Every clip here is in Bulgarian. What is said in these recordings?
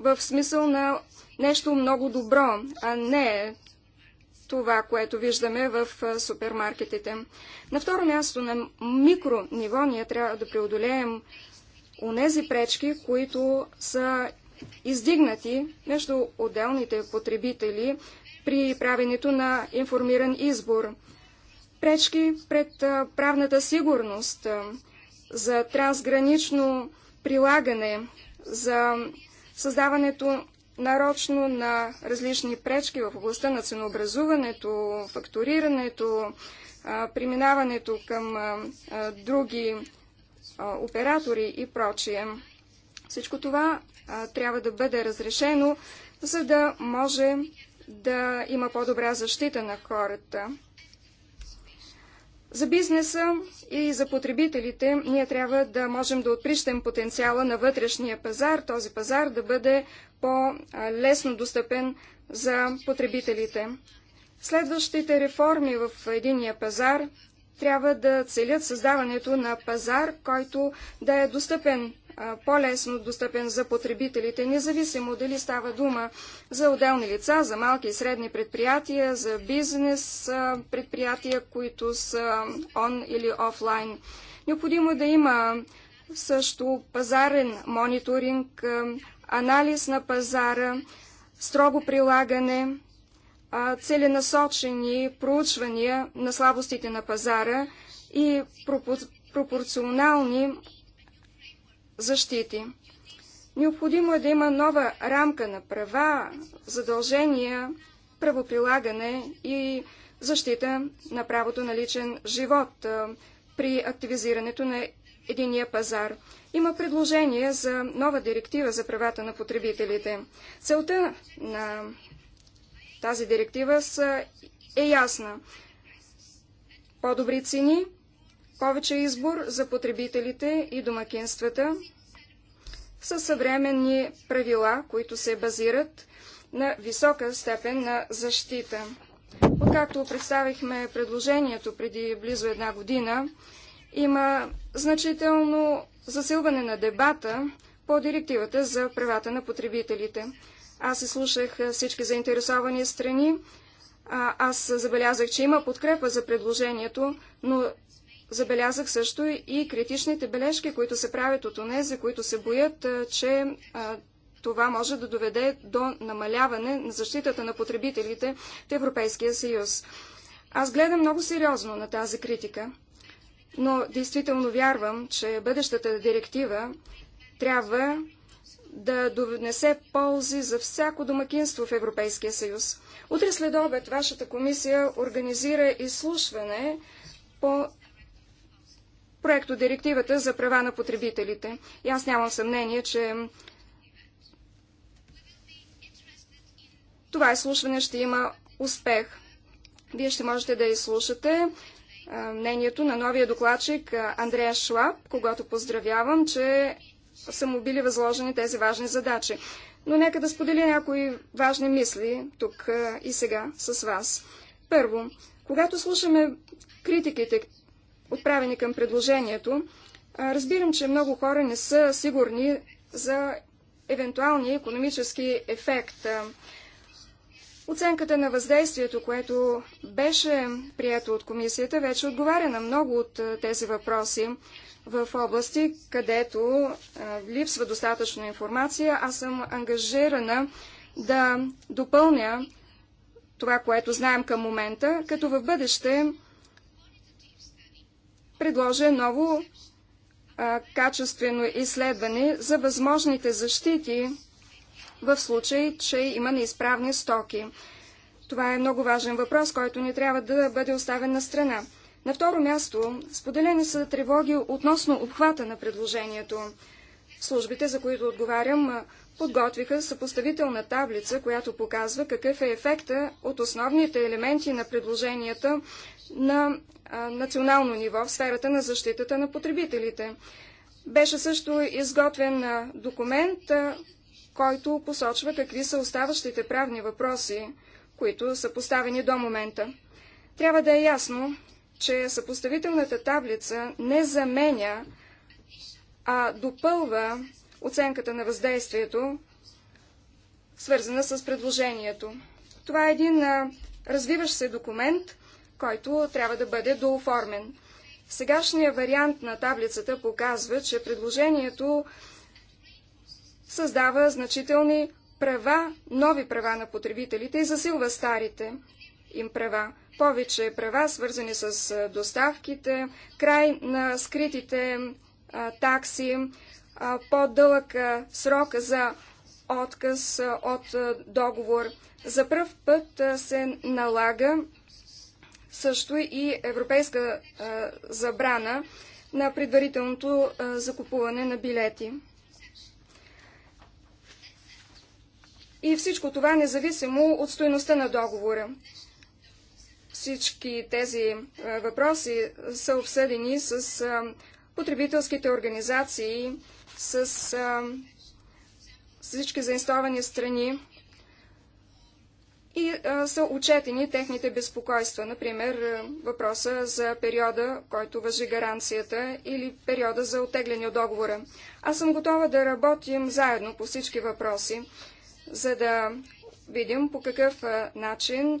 в смисъл на нещо много добро, а не това, което виждаме в супермаркетите. На второ място, на микро ниво, ние трябва да преодолеем онези пречки, които са издигнати между отделните потребители при правенето на информиран избор. Пречки пред правната сигурност, за трансгранично прилагане, за Създаването нарочно на различни пречки в областта на ценообразуването, фактурирането, преминаването към други оператори и прочие. Всичко това трябва да бъде разрешено, за да може да има по-добра защита на хората. За бизнеса и за потребителите ние трябва да можем да отприщем потенциала на вътрешния пазар, този пазар да бъде по-лесно достъпен за потребителите. Следващите реформи в единия пазар трябва да целят създаването на пазар, който да е достъпен по-лесно достъпен за потребителите, независимо дали става дума за отделни лица, за малки и средни предприятия, за бизнес предприятия, които са он или офлайн. Необходимо е да има също пазарен мониторинг, анализ на пазара, строго прилагане, целенасочени проучвания на слабостите на пазара и пропорционални защити. Необходимо е да има нова рамка на права, задължения, правоприлагане и защита на правото на личен живот при активизирането на единия пазар. Има предложение за нова директива за правата на потребителите. Целта на тази директива е ясна. По-добри цени повече избор за потребителите и домакинствата със съвременни правила, които се базират на висока степен на защита. Откакто представихме предложението преди близо една година, има значително засилване на дебата по директивата за правата на потребителите. Аз изслушах всички заинтересовани страни. аз забелязах, че има подкрепа за предложението, но Забелязах също и критичните бележки, които се правят от онези, които се боят, че това може да доведе до намаляване на защитата на потребителите в Европейския съюз. Аз гледам много сериозно на тази критика, но действително вярвам, че бъдещата директива трябва да донесе ползи за всяко домакинство в Европейския съюз. Утре след обед вашата комисия организира изслушване по проекто директивата за права на потребителите. И аз нямам съмнение, че това изслушване ще има успех. Вие ще можете да изслушате мнението на новия докладчик Андрея Шлаб, когато поздравявам, че са му били възложени тези важни задачи. Но нека да споделя някои важни мисли тук и сега с вас. Първо, когато слушаме критиките отправени към предложението. Разбирам, че много хора не са сигурни за евентуалния економически ефект. Оценката на въздействието, което беше прието от комисията, вече отговаря на много от тези въпроси в области, където липсва достатъчно информация. Аз съм ангажирана да допълня това, което знаем към момента, като в бъдеще предложа ново а, качествено изследване за възможните защити в случай, че има неизправни стоки. Това е много важен въпрос, който не трябва да бъде оставен на страна. На второ място, споделени са тревоги относно обхвата на предложението. Службите, за които отговарям, подготвиха съпоставителна таблица, която показва какъв е ефекта от основните елементи на предложенията на национално ниво в сферата на защитата на потребителите. Беше също изготвен документ, който посочва какви са оставащите правни въпроси, които са поставени до момента. Трябва да е ясно, че съпоставителната таблица не заменя а допълва оценката на въздействието, свързана с предложението. Това е един развиващ се документ, който трябва да бъде дооформен. Сегашния вариант на таблицата показва, че предложението създава значителни права, нови права на потребителите и засилва старите им права. Повече права, свързани с доставките, край на скритите такси, по-дълъг срок за отказ от договор. За първ път се налага също и европейска забрана на предварителното закупуване на билети. И всичко това независимо от стоеността на договора. Всички тези въпроси са обсъдени с потребителските организации с, а, с всички заинстовани страни и а, са отчетени техните безпокойства. Например, въпроса за периода, който въжи гаранцията или периода за отегляне от договора. Аз съм готова да работим заедно по всички въпроси, за да видим по какъв а, начин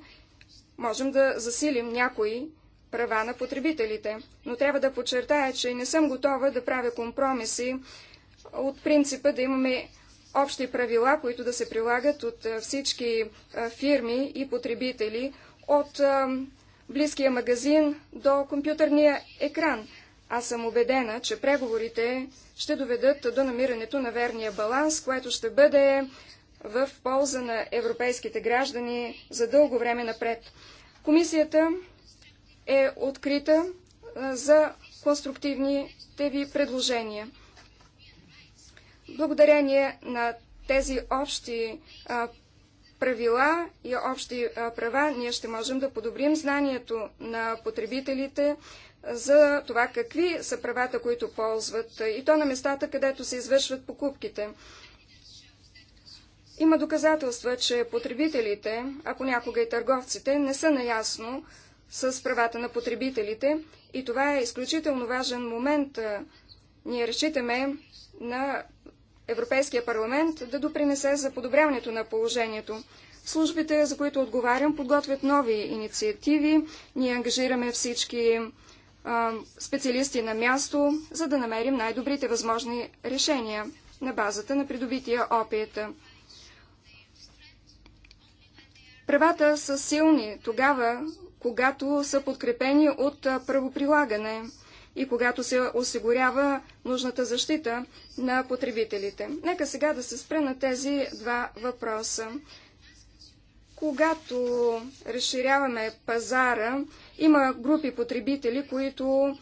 можем да засилим някои права на потребителите. Но трябва да подчертая, че не съм готова да правя компромиси от принципа да имаме общи правила, които да се прилагат от всички фирми и потребители, от близкия магазин до компютърния екран. Аз съм убедена, че преговорите ще доведат до намирането на верния баланс, което ще бъде в полза на европейските граждани за дълго време напред. Комисията е открита за конструктивните ви предложения. Благодарение на тези общи правила и общи права, ние ще можем да подобрим знанието на потребителите за това какви са правата, които ползват и то на местата, където се извършват покупките. Има доказателства, че потребителите, а понякога и търговците, не са наясно с правата на потребителите. И това е изключително важен момент. Ние разчитаме на Европейския парламент да допринесе за подобряването на положението. Службите, за които отговарям, подготвят нови инициативи. Ние ангажираме всички специалисти на място, за да намерим най-добрите възможни решения на базата на придобития опит. Правата са силни тогава, когато са подкрепени от правоприлагане и когато се осигурява нужната защита на потребителите. Нека сега да се спре на тези два въпроса. Когато разширяваме пазара, има групи потребители, които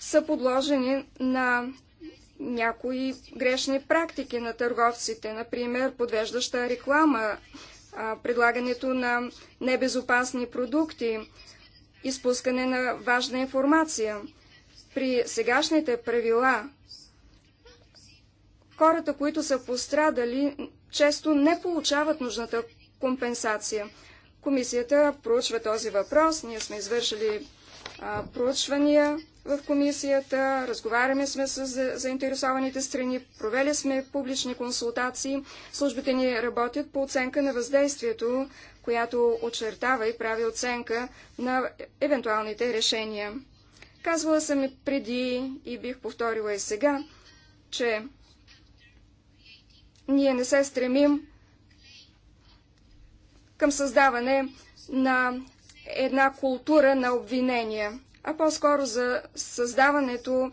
са подложени на някои грешни практики на търговците, например подвеждаща реклама, предлагането на небезопасни продукти, изпускане на важна информация. При сегашните правила хората, които са пострадали, често не получават нужната компенсация. Комисията проучва този въпрос. Ние сме извършили а, проучвания в комисията, разговаряме сме с заинтересованите страни, провели сме публични консултации, службите ни работят по оценка на въздействието, която очертава и прави оценка на евентуалните решения. Казвала съм и преди и бих повторила и сега, че ние не се стремим към създаване на една култура на обвинения а по-скоро за създаването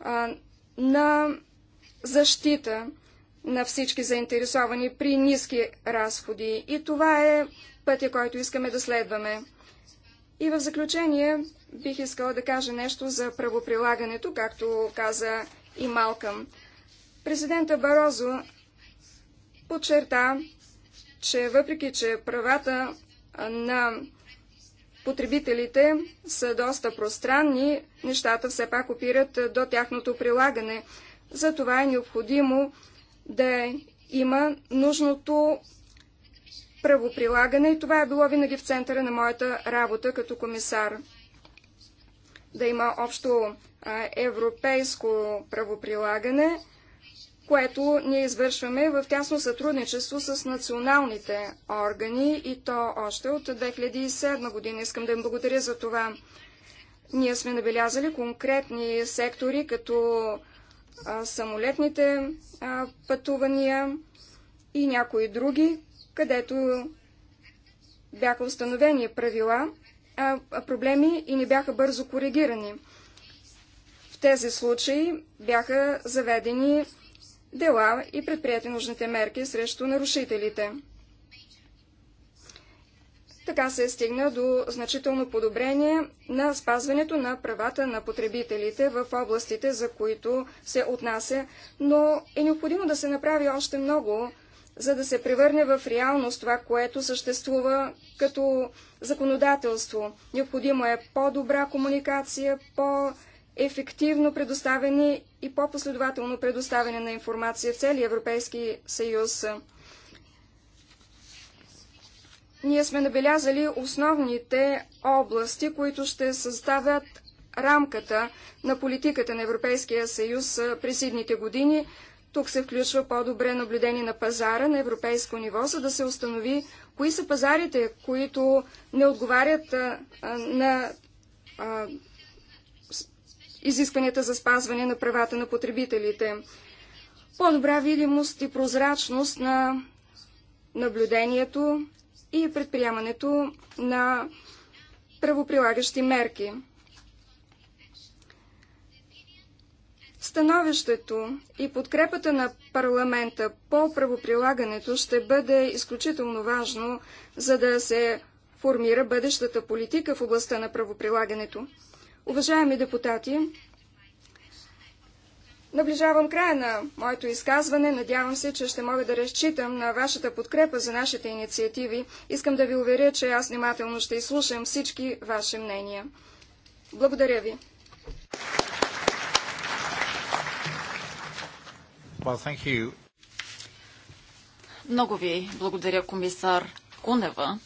а, на защита на всички заинтересовани при ниски разходи. И това е пътя, който искаме да следваме. И в заключение бих искала да кажа нещо за правоприлагането, както каза и Малкъм. Президента Барозо подчерта, че въпреки, че правата на потребителите са доста пространни, нещата все пак опират до тяхното прилагане. Затова е необходимо да има нужното правоприлагане и това е било винаги в центъра на моята работа като комисар. Да има общо европейско правоприлагане – което ние извършваме в тясно сътрудничество с националните органи и то още от 2007 година. Искам да им благодаря за това. Ние сме набелязали конкретни сектори, като а, самолетните а, пътувания и някои други, където бяха установени правила, а, проблеми и не бяха бързо коригирани. В тези случаи бяха заведени дела и предприяти нужните мерки срещу нарушителите. Така се стигна до значително подобрение на спазването на правата на потребителите в областите, за които се отнася, но е необходимо да се направи още много, за да се превърне в реалност това, което съществува като законодателство. Необходимо е по-добра комуникация, по-добра ефективно предоставяне и по-последователно предоставяне на информация в целия Европейски съюз. Ние сме набелязали основните области, които ще съставят рамката на политиката на Европейския съюз през идните години. Тук се включва по-добре наблюдение на пазара на европейско ниво, за да се установи кои са пазарите, които не отговарят на изискванията за спазване на правата на потребителите. По-добра видимост и прозрачност на наблюдението и предприемането на правоприлагащи мерки. Становището и подкрепата на парламента по правоприлагането ще бъде изключително важно, за да се формира бъдещата политика в областта на правоприлагането. Уважаеми депутати, наближавам края на моето изказване. Надявам се, че ще мога да разчитам на вашата подкрепа за нашите инициативи. Искам да ви уверя, че аз внимателно ще изслушам всички ваши мнения. Благодаря ви. Well, thank you. Много ви благодаря, комисар Кунева,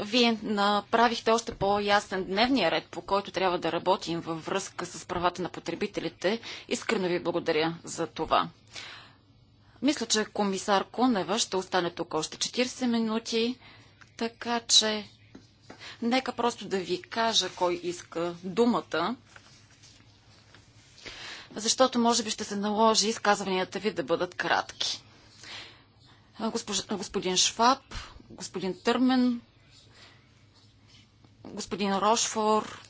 вие направихте още по-ясен дневния ред, по който трябва да работим във връзка с правата на потребителите. Искрено ви благодаря за това. Мисля, че комисар Кунева ще остане тук още 40 минути, така че нека просто да ви кажа кой иска думата, защото може би ще се наложи изказванията ви да бъдат кратки. Госпож... Господин Шваб, господин Търмен, господин Рошфор,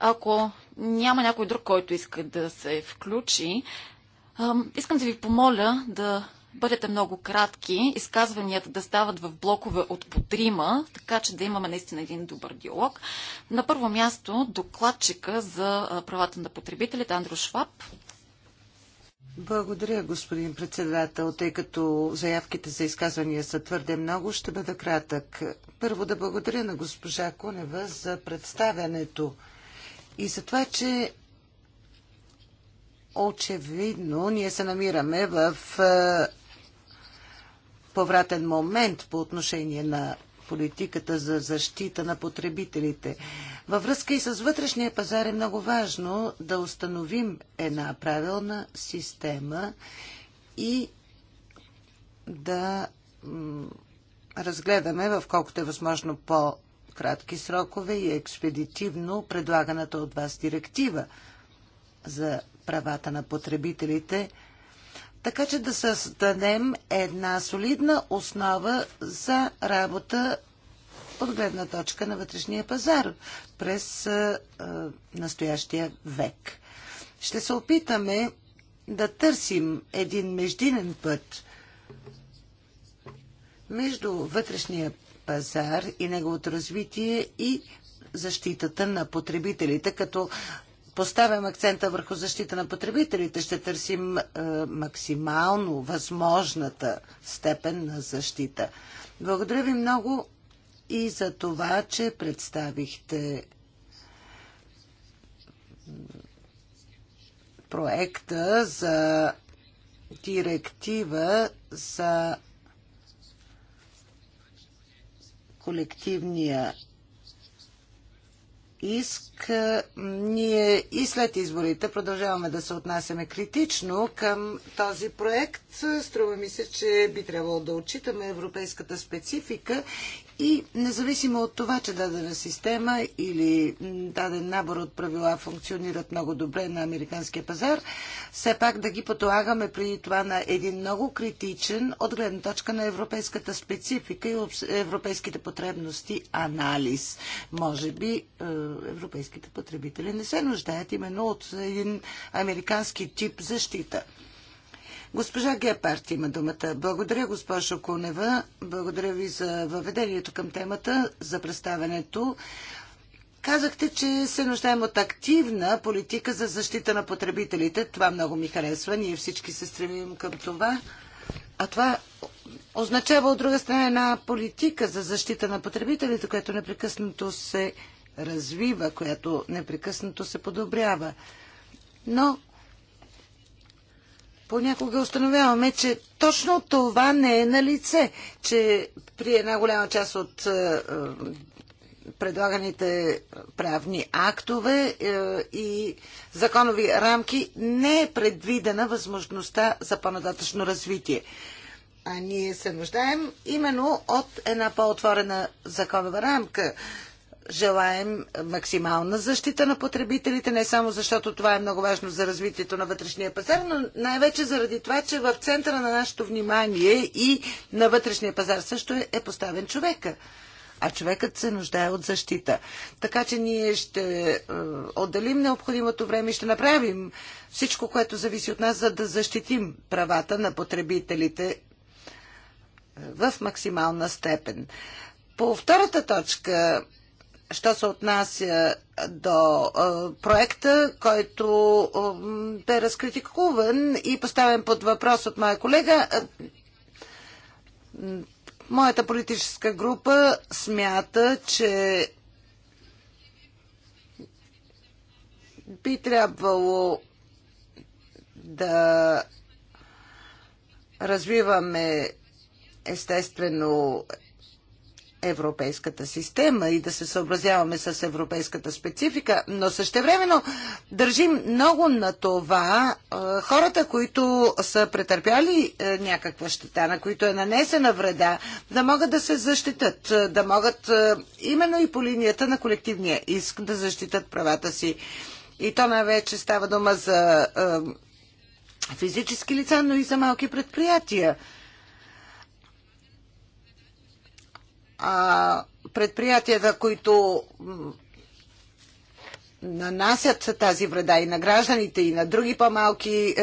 Ако няма някой друг, който иска да се включи, искам да ви помоля да бъдете много кратки, изказванията да стават в блокове от по трима, така че да имаме наистина един добър диалог. На първо място докладчика за правата на потребителите Андро Шваб. Благодаря, господин председател. Тъй като заявките за изказвания са твърде много, ще бъда кратък. Първо да благодаря на госпожа Кунева за представянето и за това, че очевидно ние се намираме в е, повратен момент по отношение на политиката за защита на потребителите. Във връзка и с вътрешния пазар е много важно да установим една правилна система и да разгледаме в колкото е възможно по-кратки срокове и експедитивно предлаганата от вас директива за правата на потребителите, така че да създадем една солидна основа за работа от гледна точка на вътрешния пазар през а, а, настоящия век. Ще се опитаме да търсим един междинен път между вътрешния пазар и неговото развитие и защитата на потребителите, като поставям акцента върху защита на потребителите, ще търсим е, максимално възможната степен на защита. Благодаря ви много и за това, че представихте проекта за директива за колективния иск. Ние и след изборите продължаваме да се отнасяме критично към този проект. Струва ми се, че би трябвало да отчитаме европейската специфика и независимо от това, че дадена система или даден набор от правила функционират много добре на американския пазар, все пак да ги подлагаме при това на един много критичен от гледна точка на европейската специфика и европейските потребности анализ. Може би е, европейските потребители не се нуждаят именно от един американски тип защита. Госпожа Гепард има думата. Благодаря, госпожо Кунева. Благодаря ви за въведението към темата, за представенето. Казахте, че се нуждаем от активна политика за защита на потребителите. Това много ми харесва. Ние всички се стремим към това. А това означава от друга страна една политика за защита на потребителите, която непрекъснато се развива, която непрекъснато се подобрява. Но понякога установяваме, че точно това не е на лице, че при една голяма част от е, е, предлаганите правни актове е, и законови рамки не е предвидена възможността за по-нататъчно развитие. А ние се нуждаем именно от една по-отворена законова рамка желаем максимална защита на потребителите, не само защото това е много важно за развитието на вътрешния пазар, но най-вече заради това, че в центъра на нашето внимание и на вътрешния пазар също е, е поставен човека. А човекът се нуждае от защита. Така че ние ще е, отделим необходимото време и ще направим всичко, което зависи от нас, за да защитим правата на потребителите е, в максимална степен. По втората точка що се отнася до проекта, който бе разкритикуван и поставен под въпрос от моя колега, моята политическа група смята, че би трябвало да развиваме естествено европейската система и да се съобразяваме с европейската специфика, но същевременно държим много на това хората, които са претърпяли някаква щета, на които е нанесена вреда, да могат да се защитат, да могат именно и по линията на колективния иск да защитат правата си. И то най-вече става дума за физически лица, но и за малки предприятия. а, предприятията, които нанасят тази вреда и на гражданите, и на други по-малки е,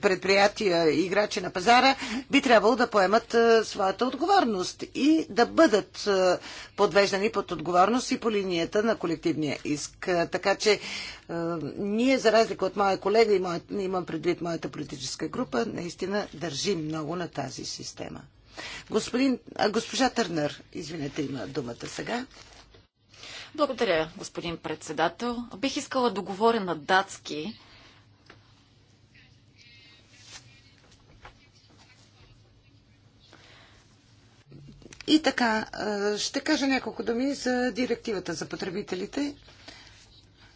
предприятия, играчи на пазара, би трябвало да поемат е, своята отговорност и да бъдат е, подвеждани под отговорност и по линията на колективния иск. Така че ние, за разлика от моя колега и моят, имам предвид моята политическа група, наистина държим много на тази система. Господин, а, госпожа Търнър, извинете, има думата сега. Благодаря, господин председател. Бих искала да говоря на датски. И така, ще кажа няколко думи за директивата за потребителите.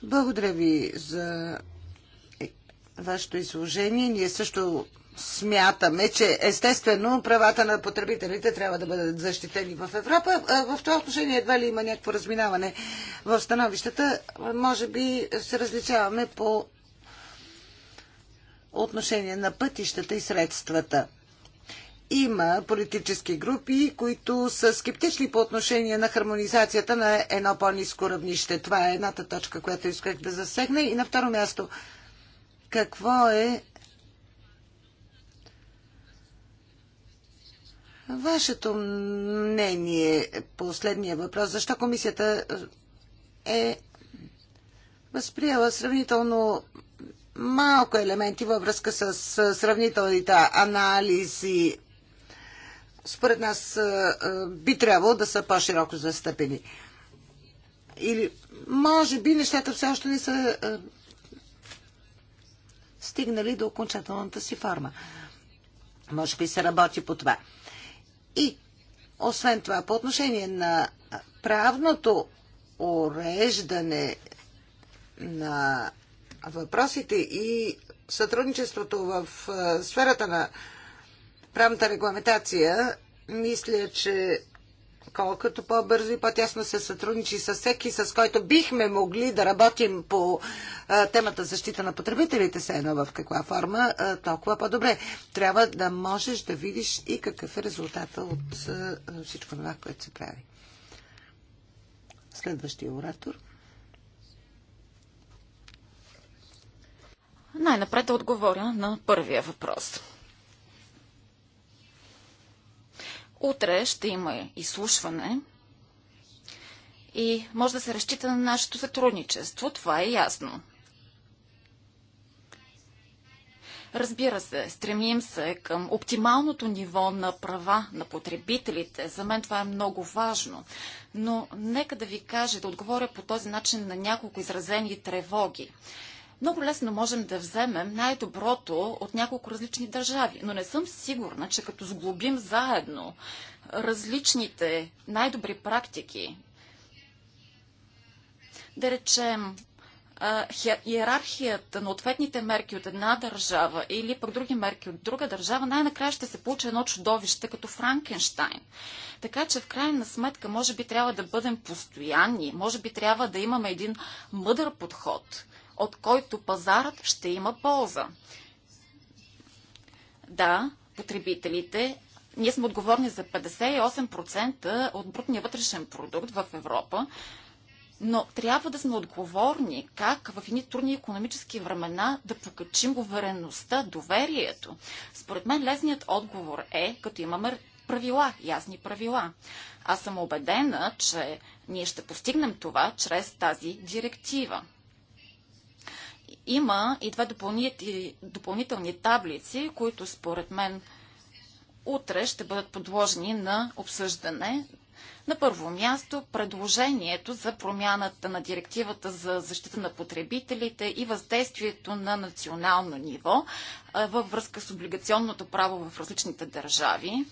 Благодаря ви за е, вашето изложение. Ние също смятаме, че естествено правата на потребителите трябва да бъдат защитени в Европа. В това отношение едва ли има някакво разминаване в становищата. Може би се различаваме по отношение на пътищата и средствата. Има политически групи, които са скептични по отношение на хармонизацията на едно по-низко равнище. Това е едната точка, която исках да засегна. И на второ място, какво е Вашето мнение е по следния въпрос, защо комисията е възприела сравнително малко елементи във връзка с сравнителните анализи, според нас е, е, би трябвало да са по-широко застъпени. Или може би нещата все още не са стигнали до окончателната си форма. Може би се работи по това. И освен това, по отношение на правното уреждане на въпросите и сътрудничеството в сферата на правната регламентация, мисля, че колкото по-бързо и по-тясно се сътрудничи с всеки, с който бихме могли да работим по а, темата защита на потребителите, се едно в каква форма, а, толкова по-добре. Трябва да можеш да видиш и какъв е резултата от а, всичко това, което се прави. Следващия оратор. Най-напред да отговоря на първия въпрос. Утре ще има изслушване и може да се разчита на нашето сътрудничество. Това е ясно. Разбира се, стремим се към оптималното ниво на права на потребителите. За мен това е много важно. Но нека да ви кажа, да отговоря по този начин на няколко изразени тревоги. Много лесно можем да вземем най-доброто от няколко различни държави, но не съм сигурна, че като сглобим заедно различните най-добри практики, да речем иерархията на ответните мерки от една държава или пък други мерки от друга държава, най-накрая ще се получи едно чудовище като Франкенштайн. Така че в крайна сметка може би трябва да бъдем постоянни, може би трябва да имаме един мъдър подход от който пазарът ще има полза. Да, потребителите ние сме отговорни за 58% от брутния вътрешен продукт в Европа, но трябва да сме отговорни как в едни трудни економически времена да покачим увереността, доверието. Според мен лесният отговор е, като имаме правила, ясни правила. Аз съм убедена, че ние ще постигнем това чрез тази директива има и две допълнителни, таблици, които според мен утре ще бъдат подложени на обсъждане. На първо място предложението за промяната на директивата за защита на потребителите и въздействието на национално ниво във връзка с облигационното право в различните държави,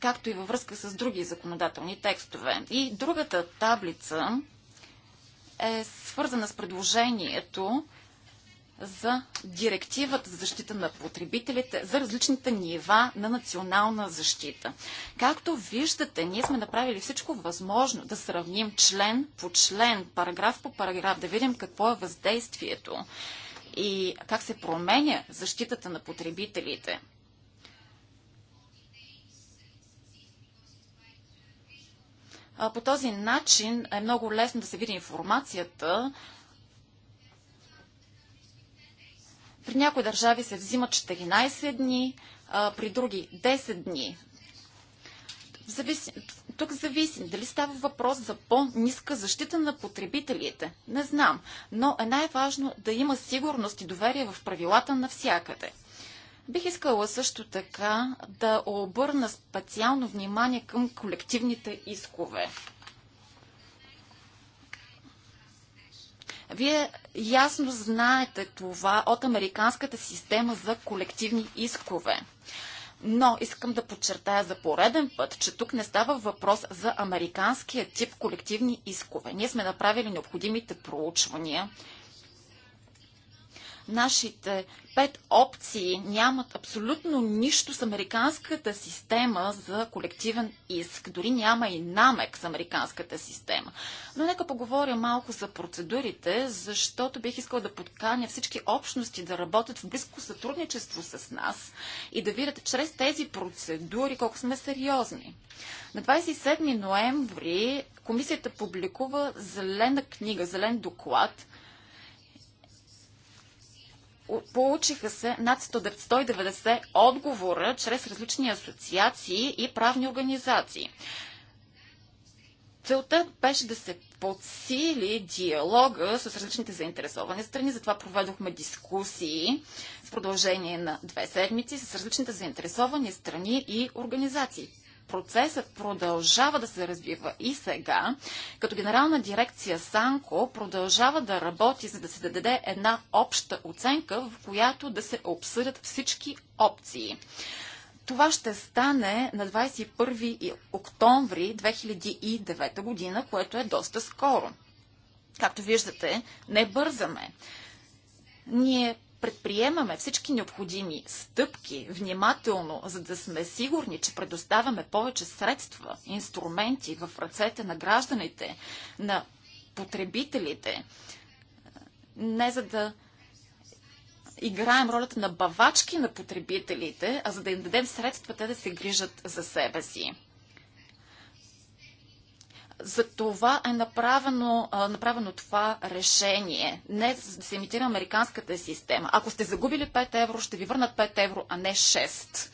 както и във връзка с други законодателни текстове. И другата таблица е свързана с предложението за директивата за защита на потребителите за различните нива на национална защита. Както виждате, ние сме направили всичко възможно да сравним член по член, параграф по параграф, да видим какво е въздействието и как се променя защитата на потребителите. По този начин е много лесно да се види информацията При някои държави се взимат 14 дни, при други 10 дни. тук зависи дали става въпрос за по-ниска защита на потребителите. Не знам, но е най-важно да има сигурност и доверие в правилата навсякъде. Бих искала също така да обърна специално внимание към колективните искове. Вие ясно знаете това от американската система за колективни искове. Но искам да подчертая за пореден път, че тук не става въпрос за американския тип колективни искове. Ние сме направили необходимите проучвания Нашите пет опции нямат абсолютно нищо с американската система за колективен иск. Дори няма и намек с американската система. Но нека поговоря малко за процедурите, защото бих искала да подканя всички общности да работят в близко сътрудничество с нас и да видят чрез тези процедури колко сме сериозни. На 27 ноември комисията публикува зелена книга, зелен доклад – Получиха се над 190 отговора чрез различни асоциации и правни организации. Целта беше да се подсили диалога с различните заинтересовани страни, затова проведохме дискусии в продължение на две седмици с различните заинтересовани страни и организации процесът продължава да се развива и сега, като генерална дирекция Санко продължава да работи, за да се даде една обща оценка, в която да се обсъдят всички опции. Това ще стане на 21 октомври 2009 година, което е доста скоро. Както виждате, не бързаме. Ние предприемаме всички необходими стъпки внимателно, за да сме сигурни, че предоставяме повече средства, инструменти в ръцете на гражданите, на потребителите, не за да играем ролята на бавачки на потребителите, а за да им дадем средства те да се грижат за себе си. За това е направено, направено това решение. Не да се имитира американската система. Ако сте загубили 5 евро, ще ви върнат 5 евро, а не 6.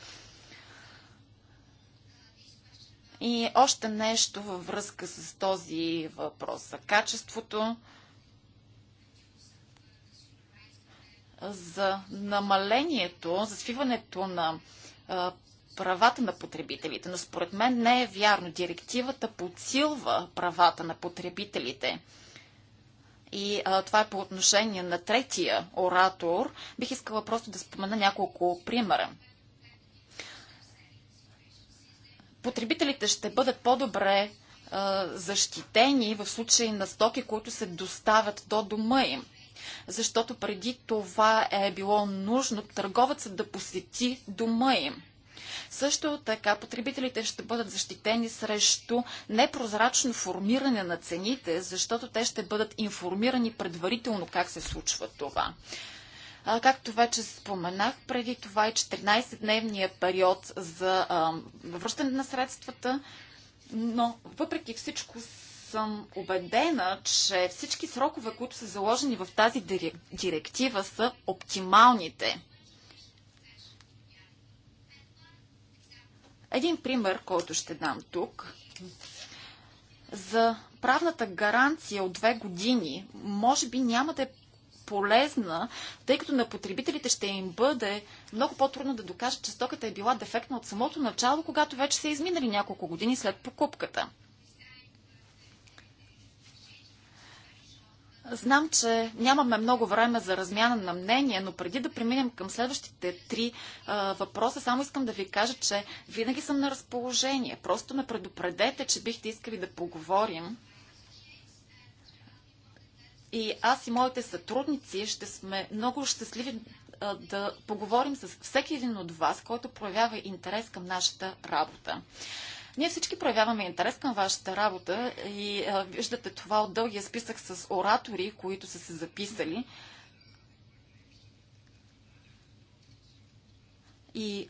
И още нещо във връзка с този въпрос за качеството. За намалението, за свиването на правата на потребителите, но според мен не е вярно. Директивата подсилва правата на потребителите. И а, това е по отношение на третия оратор. Бих искала просто да спомена няколко примера. Потребителите ще бъдат по-добре защитени в случай на стоки, които се доставят до дома им защото преди това е било нужно търговецът да посети дома им. Също така потребителите ще бъдат защитени срещу непрозрачно формиране на цените, защото те ще бъдат информирани предварително как се случва това. А, както вече споменах, преди това е и 14-дневния период за а, връщане на средствата, но въпреки всичко съм убедена, че всички срокове, които са заложени в тази директива, са оптималните. Един пример, който ще дам тук, за правната гаранция от две години, може би няма да е полезна, тъй като на потребителите ще им бъде много по-трудно да докажат, че стоката е била дефектна от самото начало, когато вече са изминали няколко години след покупката. Знам, че нямаме много време за размяна на мнение, но преди да преминем към следващите три а, въпроса, само искам да ви кажа, че винаги съм на разположение. Просто ме предупредете, че бихте искали да поговорим. И аз и моите сътрудници ще сме много щастливи а, да поговорим с всеки един от вас, който проявява интерес към нашата работа. Ние всички проявяваме интерес към вашата работа и а, виждате това от дългия списък с оратори, които са се записали. И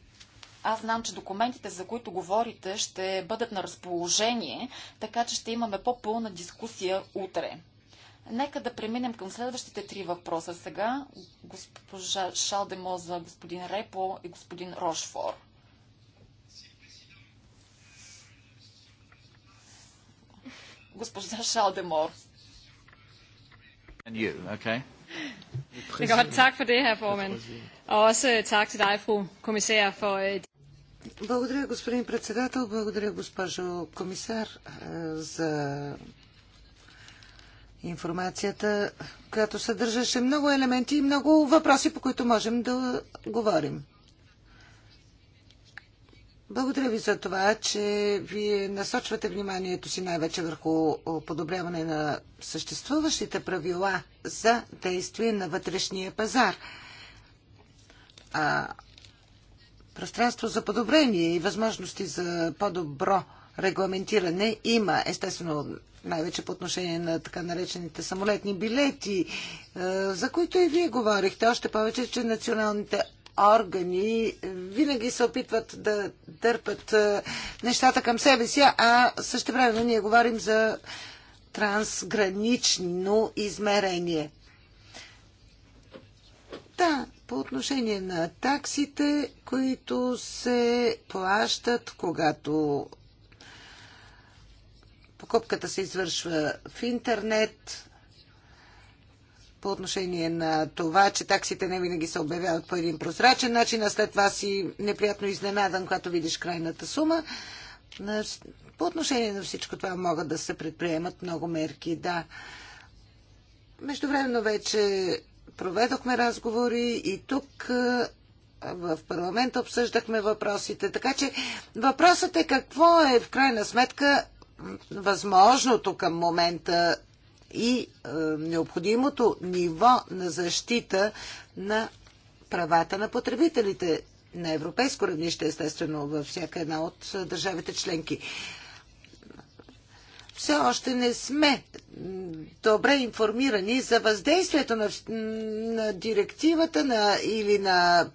аз знам, че документите, за които говорите, ще бъдат на разположение, така че ще имаме по-пълна дискусия утре. Нека да преминем към следващите три въпроса сега. Госпожа Шалдемоза, господин Репо и господин Рошфор. госпожа Шалдемор. And you, okay? Det er Godt, tak for det, her formand. Og også øh, tak til dig, fru kommissær, for... Øh, Благодаря, господин председател. Благодаря, госпожо комисар, за информацията, която съдържаше много елементи и много въпроси, по които можем да говорим. Благодаря ви за това, че вие насочвате вниманието си най-вече върху подобряване на съществуващите правила за действие на вътрешния пазар. А, пространство за подобрение и възможности за по-добро регламентиране има, естествено, най-вече по отношение на така наречените самолетни билети, е, за които и вие говорихте, още повече, че националните органи винаги се опитват да дърпат е, нещата към себе си, а също време ние говорим за трансгранично измерение. Да, по отношение на таксите, които се плащат, когато покупката се извършва в интернет, по отношение на това, че таксите не винаги се обявяват по един прозрачен начин, а след това си неприятно изненадан, когато видиш крайната сума. По отношение на всичко това могат да се предприемат много мерки, да. Междувременно вече проведохме разговори и тук в парламента обсъждахме въпросите. Така че въпросът е какво е в крайна сметка възможното към момента и е, необходимото ниво на защита на правата на потребителите на европейско равнище, естествено, във всяка една от е, държавите членки. Все още не сме добре информирани за въздействието на, на директивата на, или на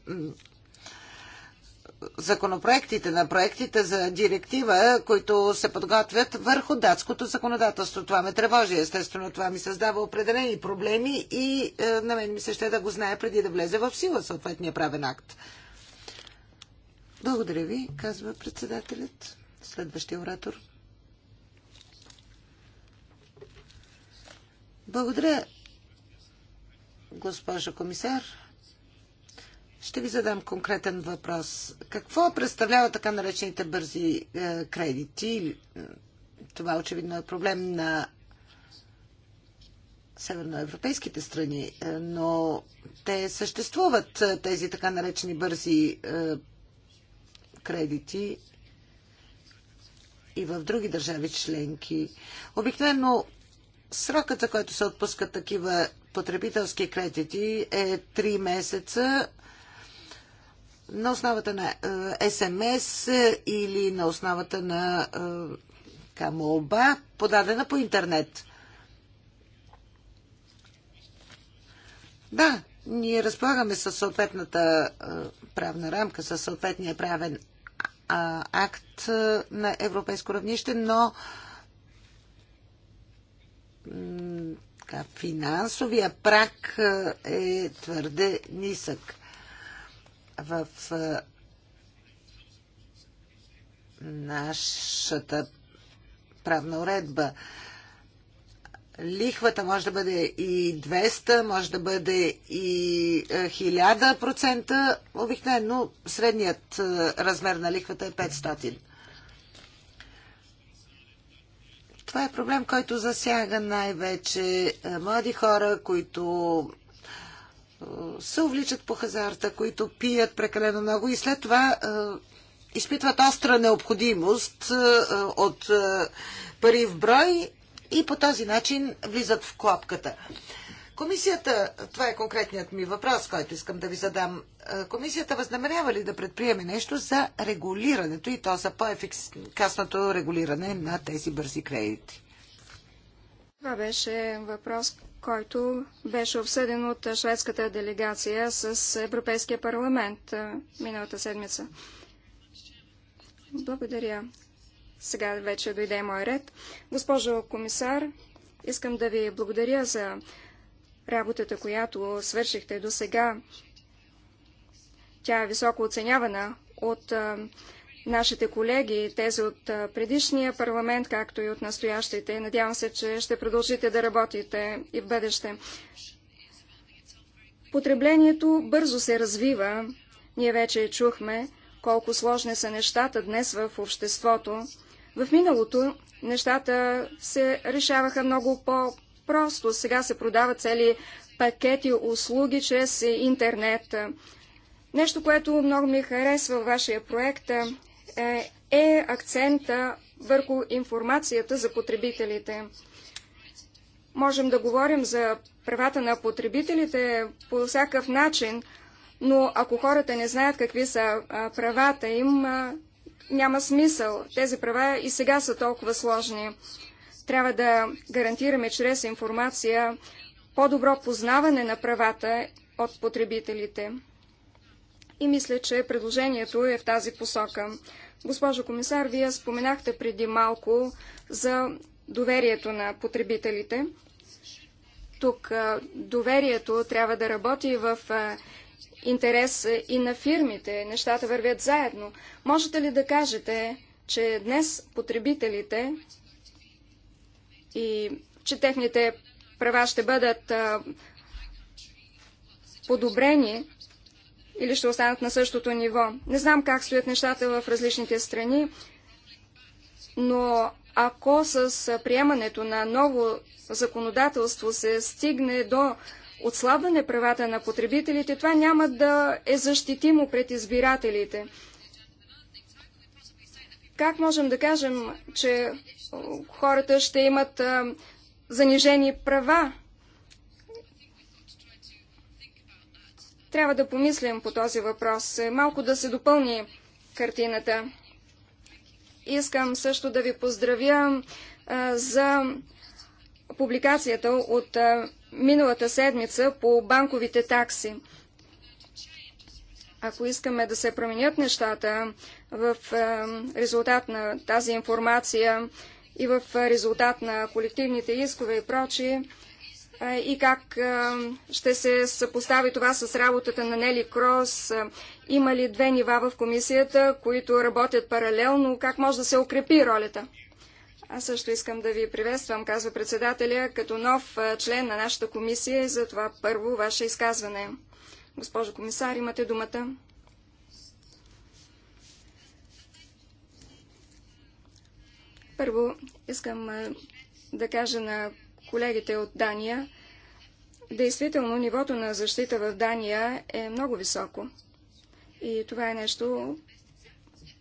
законопроектите, на проектите за директива, които се подготвят върху датското законодателство. Това ме тревожи. Естествено, това ми създава определени проблеми и е, на мен ми се ще да го знае преди да влезе в сила съответния правен акт. Благодаря ви, казва председателят. Следващия оратор. Благодаря, госпожо комисар. Ще ви задам конкретен въпрос. Какво представлява така наречените бързи е, кредити? Е, това очевидно е проблем на северноевропейските страни, е, но те съществуват, е, тези така наречени бързи е, кредити и в други държави членки. Обикновено срокът, за който се отпускат такива потребителски кредити е 3 месеца на основата на е, СМС е, или на основата на е, така, молба, подадена по интернет. Да, ние разполагаме със съответната правна рамка, със съответния правен акт на европейско равнище, но финансовия прак е твърде нисък в нашата правна уредба. Лихвата може да бъде и 200, може да бъде и 1000%. Обикновено средният размер на лихвата е 500. Това е проблем, който засяга най-вече млади хора, които се увличат по хазарта, които пият прекалено много и след това е, изпитват остра необходимост е, от е, пари в брой и по този начин влизат в клопката. Комисията, това е конкретният ми въпрос, който искам да ви задам. Комисията възнамерява ли да предприеме нещо за регулирането и то за по-ефикасното регулиране на тези бързи кредити? Това беше въпрос, който беше обсъден от шведската делегация с Европейския парламент миналата седмица. Благодаря. Сега вече дойде мой ред. Госпожо комисар, искам да ви благодаря за работата, която свършихте до сега. Тя е високо оценявана от нашите колеги, тези от предишния парламент, както и от настоящите. Надявам се, че ще продължите да работите и в бъдеще. Потреблението бързо се развива. Ние вече чухме колко сложни са нещата днес в обществото. В миналото нещата се решаваха много по-просто. Сега се продават цели пакети услуги чрез интернет. Нещо, което много ми харесва в вашия проект е, е акцента върху информацията за потребителите. Можем да говорим за правата на потребителите по всякакъв начин, но ако хората не знаят какви са правата им, няма смисъл. Тези права и сега са толкова сложни. Трябва да гарантираме чрез информация по-добро познаване на правата от потребителите и мисля, че предложението е в тази посока. Госпожо комисар, вие споменахте преди малко за доверието на потребителите. Тук доверието трябва да работи в интерес и на фирмите. Нещата вървят заедно. Можете ли да кажете, че днес потребителите и че техните права ще бъдат подобрени или ще останат на същото ниво. Не знам как стоят нещата в различните страни, но ако с приемането на ново законодателство се стигне до отслабване правата на потребителите, това няма да е защитимо пред избирателите. Как можем да кажем, че хората ще имат занижени права Трябва да помислим по този въпрос. Е, малко да се допълни картината. Искам също да ви поздравя е, за публикацията от е, миналата седмица по банковите такси. Ако искаме да се променят нещата в резултат на тази информация и в резултат на колективните искове и прочие, и как ще се съпостави това с работата на Нели Крос. Има ли две нива в комисията, които работят паралелно? Как може да се укрепи ролята? Аз също искам да ви приветствам, казва председателя, като нов член на нашата комисия и за това първо ваше изказване. Госпожо комисар, имате думата. Първо искам да кажа на колегите от Дания, действително нивото на защита в Дания е много високо. И това е нещо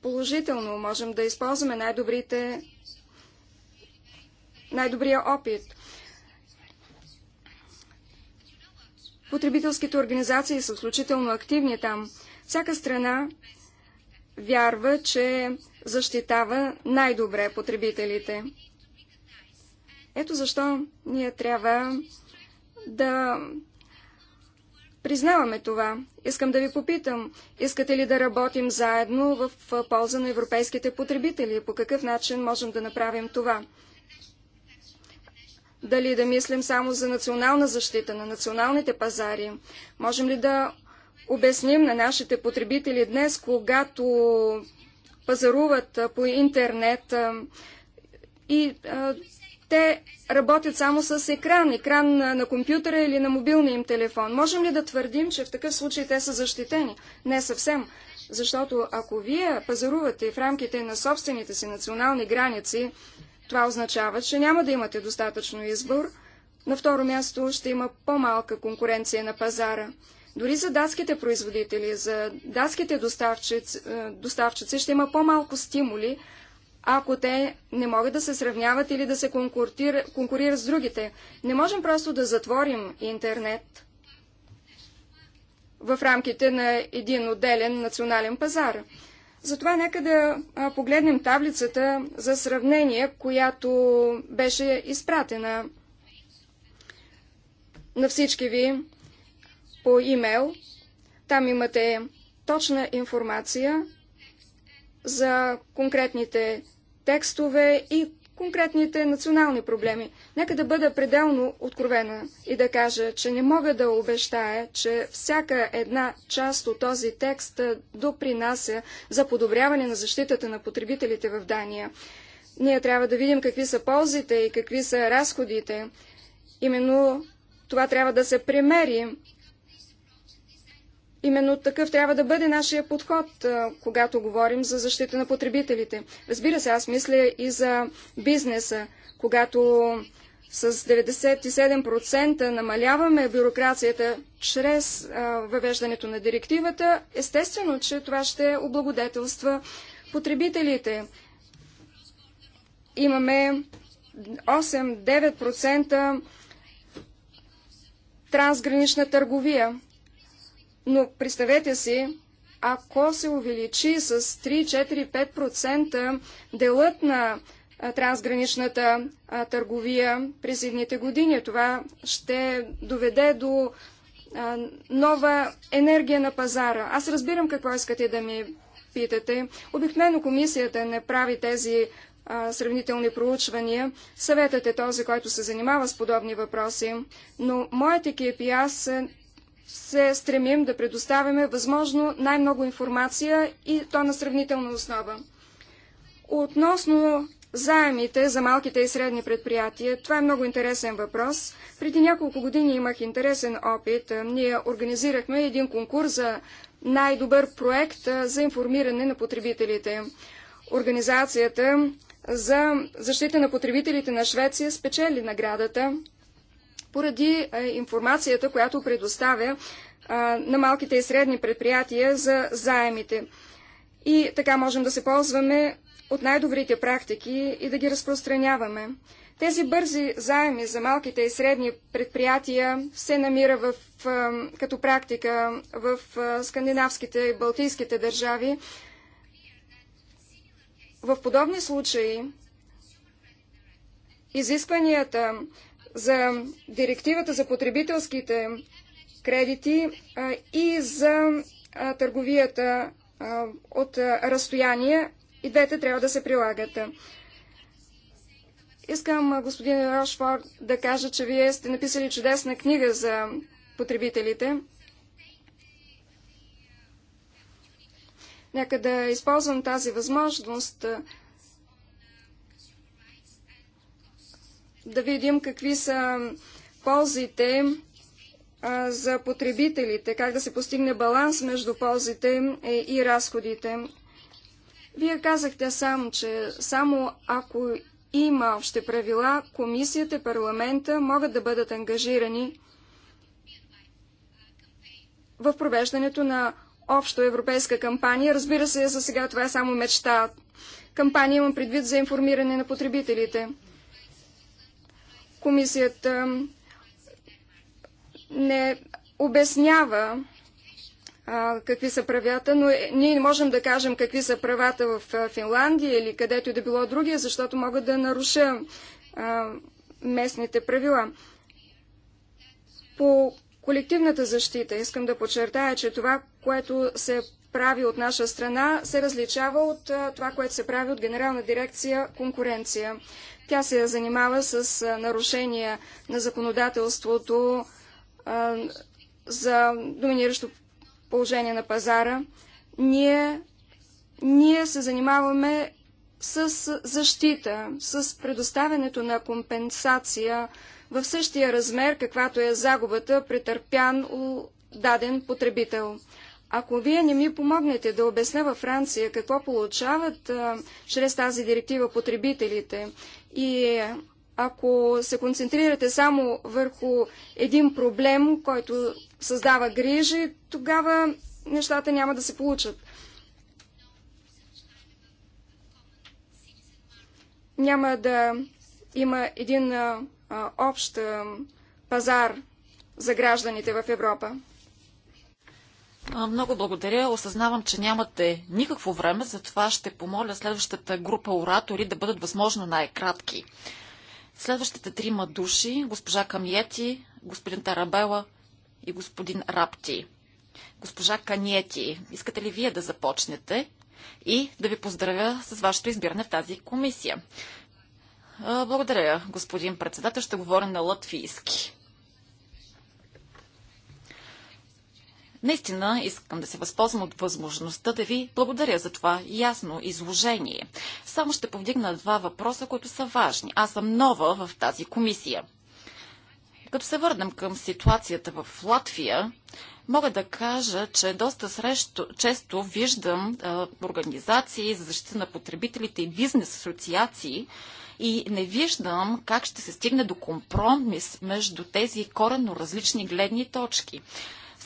положително. Можем да използваме най-добрите най-добрия опит. Потребителските организации са изключително активни там. Всяка страна вярва, че защитава най-добре потребителите. Ето защо ние трябва да признаваме това. Искам да ви попитам, искате ли да работим заедно в полза на европейските потребители? По какъв начин можем да направим това? Дали да мислим само за национална защита на националните пазари? Можем ли да обясним на нашите потребители днес, когато пазаруват по интернет и те работят само с екран, екран на, на компютъра или на мобилния им телефон. Можем ли да твърдим, че в такъв случай те са защитени? Не съвсем. Защото ако вие пазарувате в рамките на собствените си национални граници, това означава, че няма да имате достатъчно избор. На второ място ще има по-малка конкуренция на пазара. Дори за датските производители, за датските доставчици, е, доставчици ще има по-малко стимули, ако те не могат да се сравняват или да се конкурират конкурира с другите. Не можем просто да затворим интернет в рамките на един отделен национален пазар. Затова нека да погледнем таблицата за сравнение, която беше изпратена на всички ви по имейл. Там имате точна информация за конкретните текстове и конкретните национални проблеми. Нека да бъда пределно откровена и да кажа, че не мога да обещая, че всяка една част от този текст допринася за подобряване на защитата на потребителите в Дания. Ние трябва да видим какви са ползите и какви са разходите. Именно това трябва да се премери Именно такъв трябва да бъде нашия подход, когато говорим за защита на потребителите. Разбира се, аз мисля и за бизнеса, когато с 97% намаляваме бюрокрацията чрез въвеждането на директивата, естествено, че това ще облагодетелства потребителите. Имаме 8-9% трансгранична търговия. Но представете си, ако се увеличи с 3-4-5% делът на трансграничната търговия през едните години, това ще доведе до нова енергия на пазара. Аз разбирам какво искате да ми питате. Обикновено комисията не прави тези сравнителни проучвания. Съветът е този, който се занимава с подобни въпроси. Но моят екип и аз се стремим да предоставяме възможно най-много информация и то на сравнителна основа. Относно заемите за малките и средни предприятия, това е много интересен въпрос. Преди няколко години имах интересен опит. Ние организирахме един конкурс за най-добър проект за информиране на потребителите. Организацията за защита на потребителите на Швеция спечели наградата поради информацията, която предоставя на малките и средни предприятия за заемите. И така можем да се ползваме от най-добрите практики и да ги разпространяваме. Тези бързи заеми за малките и средни предприятия се намира в, като практика в скандинавските и балтийските държави. В подобни случаи изискванията за директивата за потребителските кредити и за търговията от разстояние. И двете трябва да се прилагат. Искам, господин Рошфорд, да кажа, че вие сте написали чудесна книга за потребителите. Нека да използвам тази възможност да видим какви са ползите за потребителите, как да се постигне баланс между ползите е, и разходите. Вие казахте сам, че само ако има общи правила, комисията и парламента могат да бъдат ангажирани в провеждането на общо европейска кампания. Разбира се, за сега това е само мечта. Кампания имам предвид за информиране на потребителите. Комисията не обяснява а, какви са правята, но е, ние не можем да кажем какви са правата в Финландия или където и да било другия, защото могат да наруша а, местните правила. По колективната защита искам да подчертая, че това, което се прави от наша страна, се различава от а, това, което се прави от Генерална дирекция конкуренция. Тя се занимава с нарушения на законодателството за доминиращо положение на пазара. Ние, ние се занимаваме с защита, с предоставянето на компенсация в същия размер, каквато е загубата, претърпян даден потребител. Ако вие не ми помогнете да обясня във Франция какво получават а, чрез тази директива потребителите и ако се концентрирате само върху един проблем, който създава грижи, тогава нещата няма да се получат. Няма да има един а, общ а, пазар за гражданите в Европа. Много благодаря. Осъзнавам, че нямате никакво време, затова ще помоля следващата група оратори да бъдат възможно най-кратки. Следващите трима души, госпожа Камиети, господин Тарабела и господин Рапти. Госпожа Каниети, искате ли вие да започнете и да ви поздравя с вашето избиране в тази комисия? Благодаря, господин председател. Ще говоря на латвийски. Наистина искам да се възползвам от възможността да ви благодаря за това ясно изложение. Само ще повдигна два въпроса, които са важни. Аз съм нова в тази комисия. Като се върнем към ситуацията в Латвия, мога да кажа, че доста срещу, често виждам а, организации за защита на потребителите и бизнес асоциации и не виждам как ще се стигне до компромис между тези коренно различни гледни точки.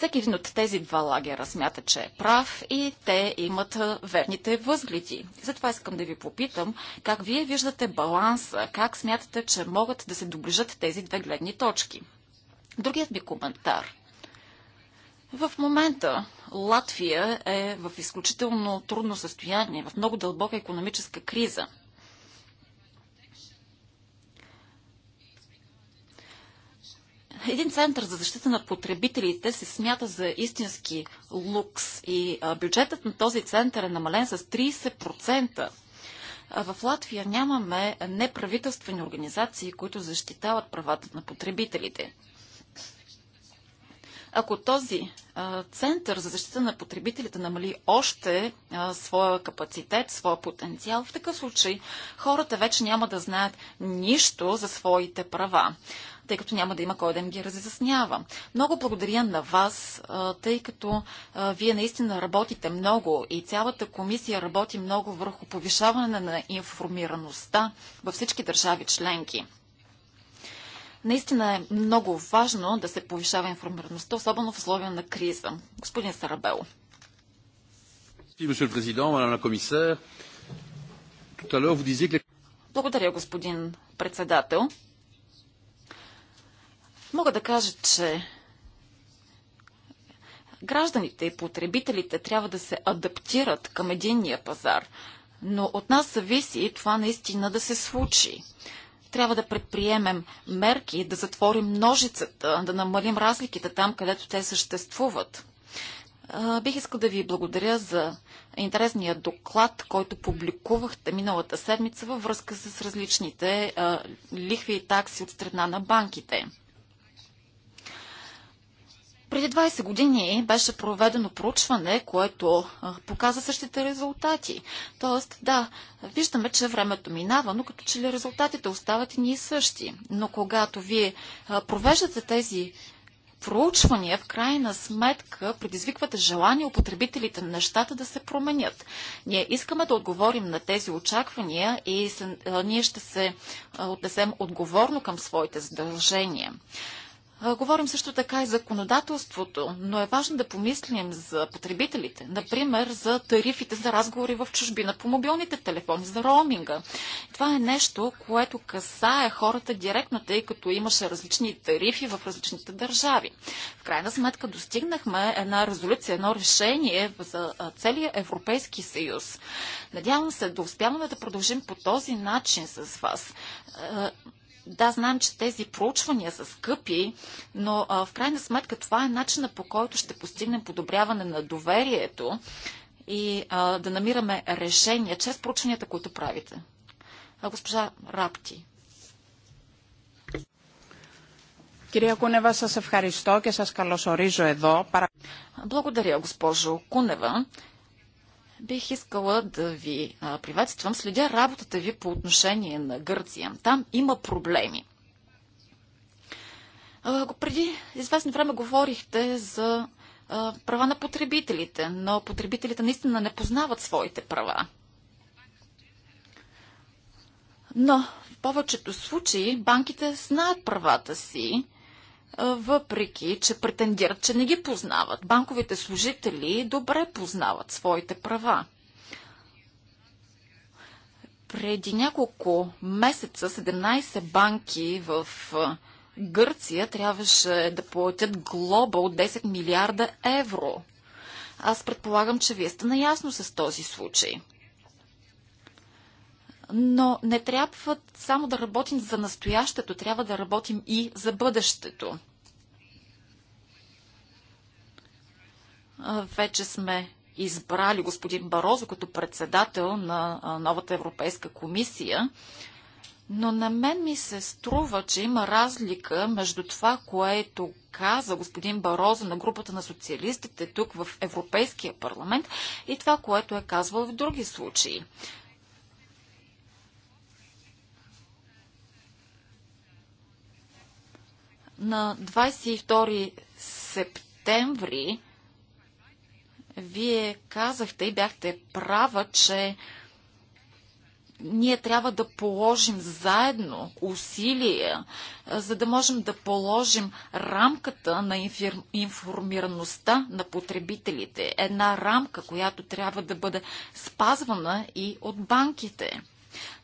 Всеки един от тези два лагера смята, че е прав и те имат верните възгледи. Затова искам да ви попитам как вие виждате баланса, как смятате, че могат да се доближат тези две гледни точки. Другият ми коментар. В момента Латвия е в изключително трудно състояние, в много дълбока економическа криза – един център за защита на потребителите се смята за истински лукс и бюджетът на този център е намален с 30%. В Латвия нямаме неправителствени организации, които защитават правата на потребителите. Ако този център за защита на потребителите намали още своя капацитет, своя потенциал, в такъв случай хората вече няма да знаят нищо за своите права тъй като няма да има кой да им ги разяснява. Много благодаря на вас, тъй като вие наистина работите много и цялата комисия работи много върху повишаване на информираността във всички държави членки. Наистина е много важно да се повишава информираността, особено в условия на криза. Господин Сарабел. Благодаря, господин председател. Мога да кажа, че гражданите и потребителите трябва да се адаптират към единния пазар, но от нас зависи това наистина да се случи. Трябва да предприемем мерки, да затворим ножицата, да намалим разликите там, където те съществуват. Бих искал да ви благодаря за интересния доклад, който публикувахте миналата седмица във връзка с различните лихви и такси от страна на банките. Преди 20 години беше проведено проучване, което показа същите резултати. Тоест, да, виждаме, че времето минава, но като че ли резултатите остават и ние същи. Но когато вие провеждате тези проучвания, в крайна сметка предизвиквате желание потребителите на нещата да се променят. Ние искаме да отговорим на тези очаквания и ние ще се отнесем отговорно към своите задължения. Говорим също така и законодателството, но е важно да помислим за потребителите. Например, за тарифите за разговори в чужбина по мобилните телефони, за роуминга. Това е нещо, което касае хората директно, тъй като имаше различни тарифи в различните държави. В крайна сметка достигнахме една резолюция, едно решение за целия Европейски съюз. Надявам се да успяваме да продължим по този начин с вас да, знам, че тези проучвания са скъпи, но а, в крайна сметка това е начина по който ще постигнем подобряване на доверието и а, да намираме решения чрез проучванията, които правите. А, госпожа Рапти. Κυρία Κούνεβα, σας ευχαριστώ και σας καλωσορίζω εδώ. Благодаря, госпожо Кунева. Бих искала да ви приветствам. Следя работата ви по отношение на Гърция. Там има проблеми. Преди известно време говорихте за права на потребителите, но потребителите наистина не познават своите права. Но в повечето случаи банките знаят правата си въпреки че претендират, че не ги познават. Банковите служители добре познават своите права. Преди няколко месеца 17 банки в Гърция трябваше да платят глоба от 10 милиарда евро. Аз предполагам, че вие сте наясно с този случай но не трябва само да работим за настоящето, трябва да работим и за бъдещето. Вече сме избрали господин Барозо като председател на новата Европейска комисия. Но на мен ми се струва, че има разлика между това, което каза господин Барозо на групата на социалистите тук в Европейския парламент и това, което е казвал в други случаи. На 22 септември вие казахте и бяхте права, че ние трябва да положим заедно усилия, за да можем да положим рамката на информираността на потребителите. Една рамка, която трябва да бъде спазвана и от банките.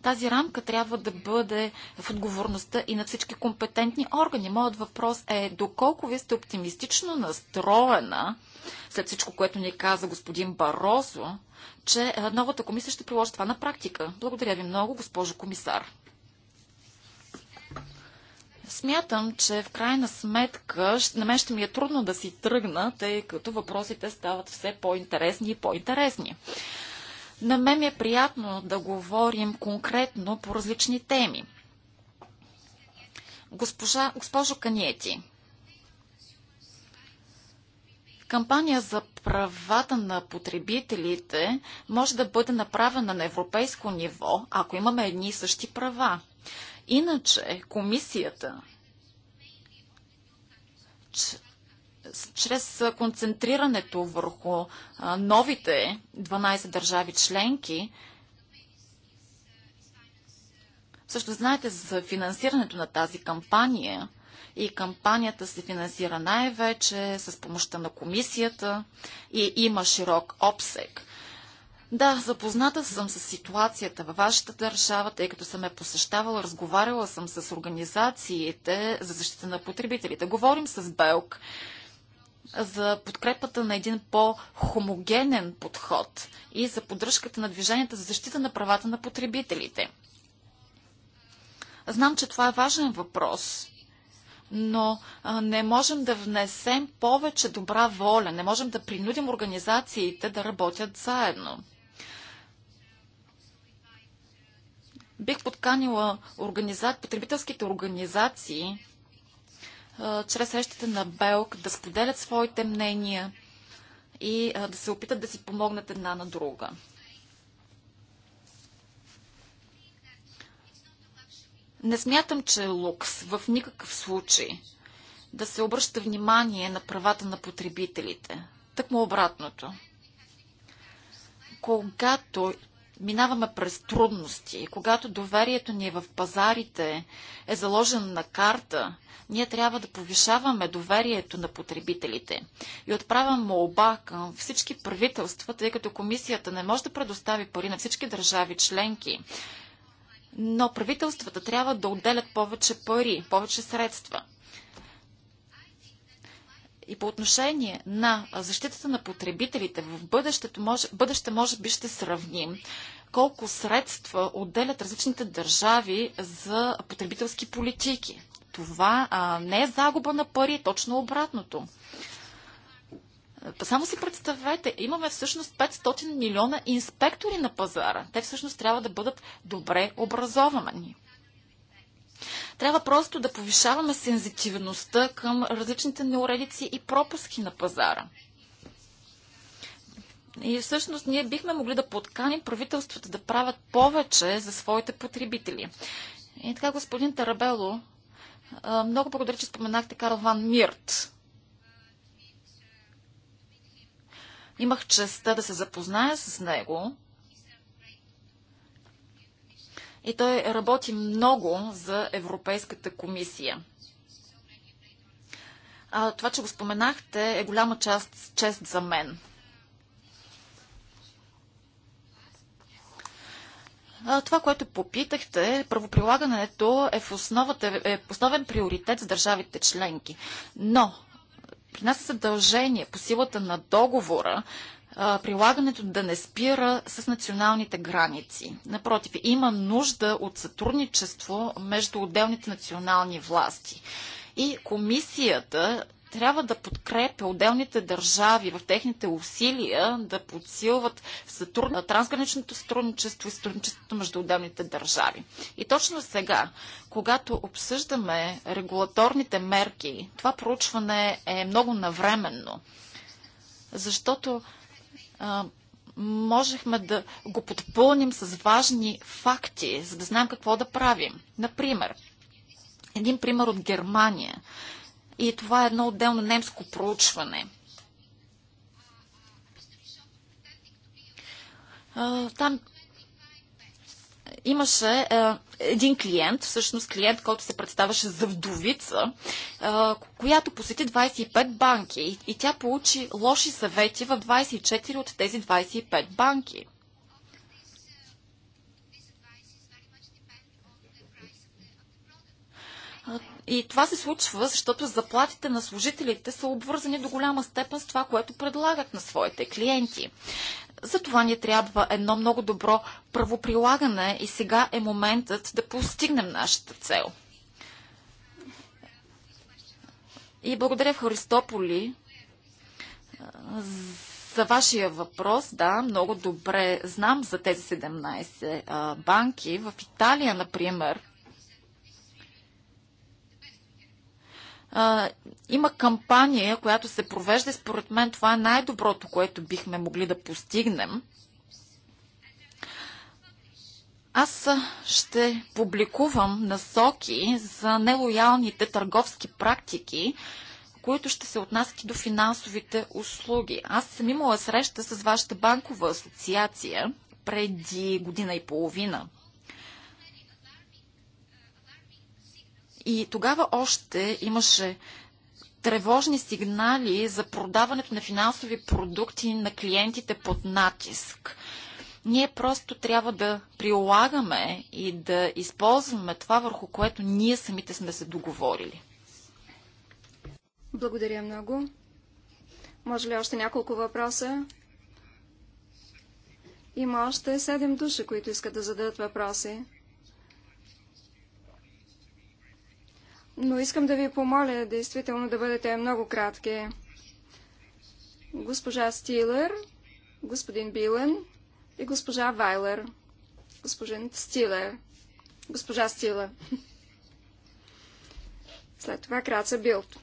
Тази рамка трябва да бъде в отговорността и на всички компетентни органи. Моят въпрос е доколко вие сте оптимистично настроена, след всичко, което ни каза господин Баросо, че е, новата комисия ще приложи това на практика. Благодаря ви много, госпожо комисар. Смятам, че в крайна сметка на мен ще ми е трудно да си тръгна, тъй като въпросите стават все по-интересни и по-интересни. На мен ми е приятно да говорим конкретно по различни теми. Госпожа, госпожо Каниети, Кампания за правата на потребителите може да бъде направена на европейско ниво, ако имаме едни и същи права. Иначе комисията чрез концентрирането върху новите 12 държави членки, също знаете за финансирането на тази кампания и кампанията се финансира най-вече с помощта на комисията и има широк обсек. Да, запозната съм с ситуацията във вашата държава, тъй като съм е посещавала, разговаряла съм с организациите за защита на потребителите. Говорим с Белк за подкрепата на един по-хомогенен подход и за поддръжката на движенията за защита на правата на потребителите. Знам, че това е важен въпрос, но не можем да внесем повече добра воля, не можем да принудим организациите да работят заедно. Бих подканила организа... потребителските организации чрез срещите на Белк да споделят своите мнения и да се опитат да си помогнат една на друга. Не смятам, че е лукс в никакъв случай да се обръща внимание на правата на потребителите. Тъкмо обратното. Когато минаваме през трудности, когато доверието ни е в пазарите е заложено на карта, ние трябва да повишаваме доверието на потребителите. И отправям молба към всички правителства, тъй като комисията не може да предостави пари на всички държави членки. Но правителствата трябва да отделят повече пари, повече средства. И по отношение на защитата на потребителите в бъдещето, може, бъдеще може би ще сравним колко средства отделят различните държави за потребителски политики. Това а, не е загуба на пари, е точно обратното. Само си представете, имаме всъщност 500 милиона инспектори на пазара. Те всъщност трябва да бъдат добре образовани. Трябва просто да повишаваме сензитивността към различните неуредици и пропуски на пазара. И всъщност ние бихме могли да подканим правителствата да правят повече за своите потребители. И така, господин Тарабело, много благодаря, че споменахте Карл Ван Мирт. Имах честа да се запозная с него. И той работи много за Европейската комисия. А, това, че го споменахте, е голяма част чест за мен. Това, което попитахте, правоприлагането е в основата, е в основен приоритет за държавите членки. Но при нас е задължение по силата на договора прилагането да не спира с националните граници. Напротив, има нужда от сътрудничество между отделните национални власти. И комисията трябва да подкрепя отделните държави в техните усилия да подсилват сътруд... трансграничното сътрудничество и сътрудничеството между отделните държави. И точно сега, когато обсъждаме регулаторните мерки, това проучване е много навременно, защото можехме да го подпълним с важни факти, за да знаем какво да правим. Например, един пример от Германия. И това е едно отделно немско проучване. Там имаше е, един клиент, всъщност клиент, който се представяше за вдовица, е, която посети 25 банки и, и тя получи лоши съвети в 24 от тези 25 банки. И това се случва, защото заплатите на служителите са обвързани до голяма степен с това, което предлагат на своите клиенти. За това ни трябва едно много добро правоприлагане и сега е моментът да постигнем нашата цел. И благодаря в Христополи за вашия въпрос. Да, много добре знам за тези 17 банки. В Италия, например, а, има кампания, която се провежда. Според мен това е най-доброто, което бихме могли да постигнем. Аз ще публикувам насоки за нелоялните търговски практики, които ще се отнасят и до финансовите услуги. Аз съм имала среща с вашата банкова асоциация преди година и половина. И тогава още имаше тревожни сигнали за продаването на финансови продукти на клиентите под натиск. Ние просто трябва да прилагаме и да използваме това, върху което ние самите сме се договорили. Благодаря много. Може ли още няколко въпроса? Има още седем души, които искат да зададат въпроси. но искам да ви помоля действително да бъдете много кратки. Госпожа Стилър, господин Билен и госпожа Вайлер. Госпожен Стилър. Госпожа Стила. След това краца Билт.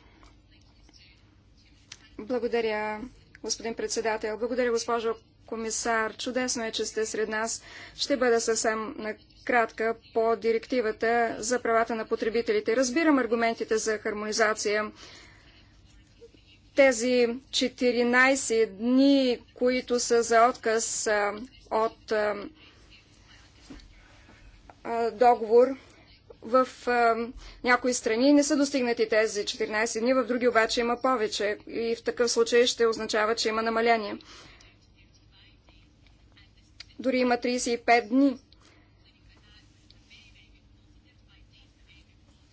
Благодаря, господин председател. Благодаря, госпожо комисар. Чудесно е, че сте сред нас. Ще бъда съвсем кратка по директивата за правата на потребителите. Разбирам аргументите за хармонизация. Тези 14 дни, които са за отказ от договор, в някои страни не са достигнати тези 14 дни, в други обаче има повече и в такъв случай ще означава, че има намаление. Дори има 35 дни.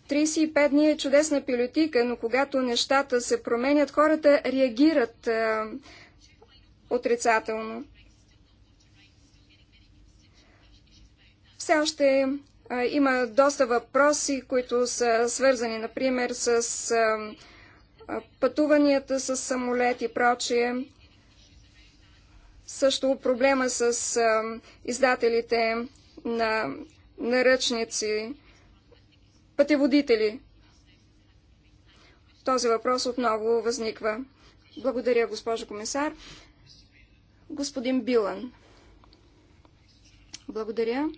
35 дни е чудесна пилотика, но когато нещата се променят, хората реагират а, е, отрицателно. Все още а, е, има доста въпроси, които са свързани, например, с а, е, пътуванията с самолет и прочие. Също проблема с а, издателите на наръчници пътеводители. Този въпрос отново възниква. Благодаря, госпожо комисар. Господин Билан. Благодаря.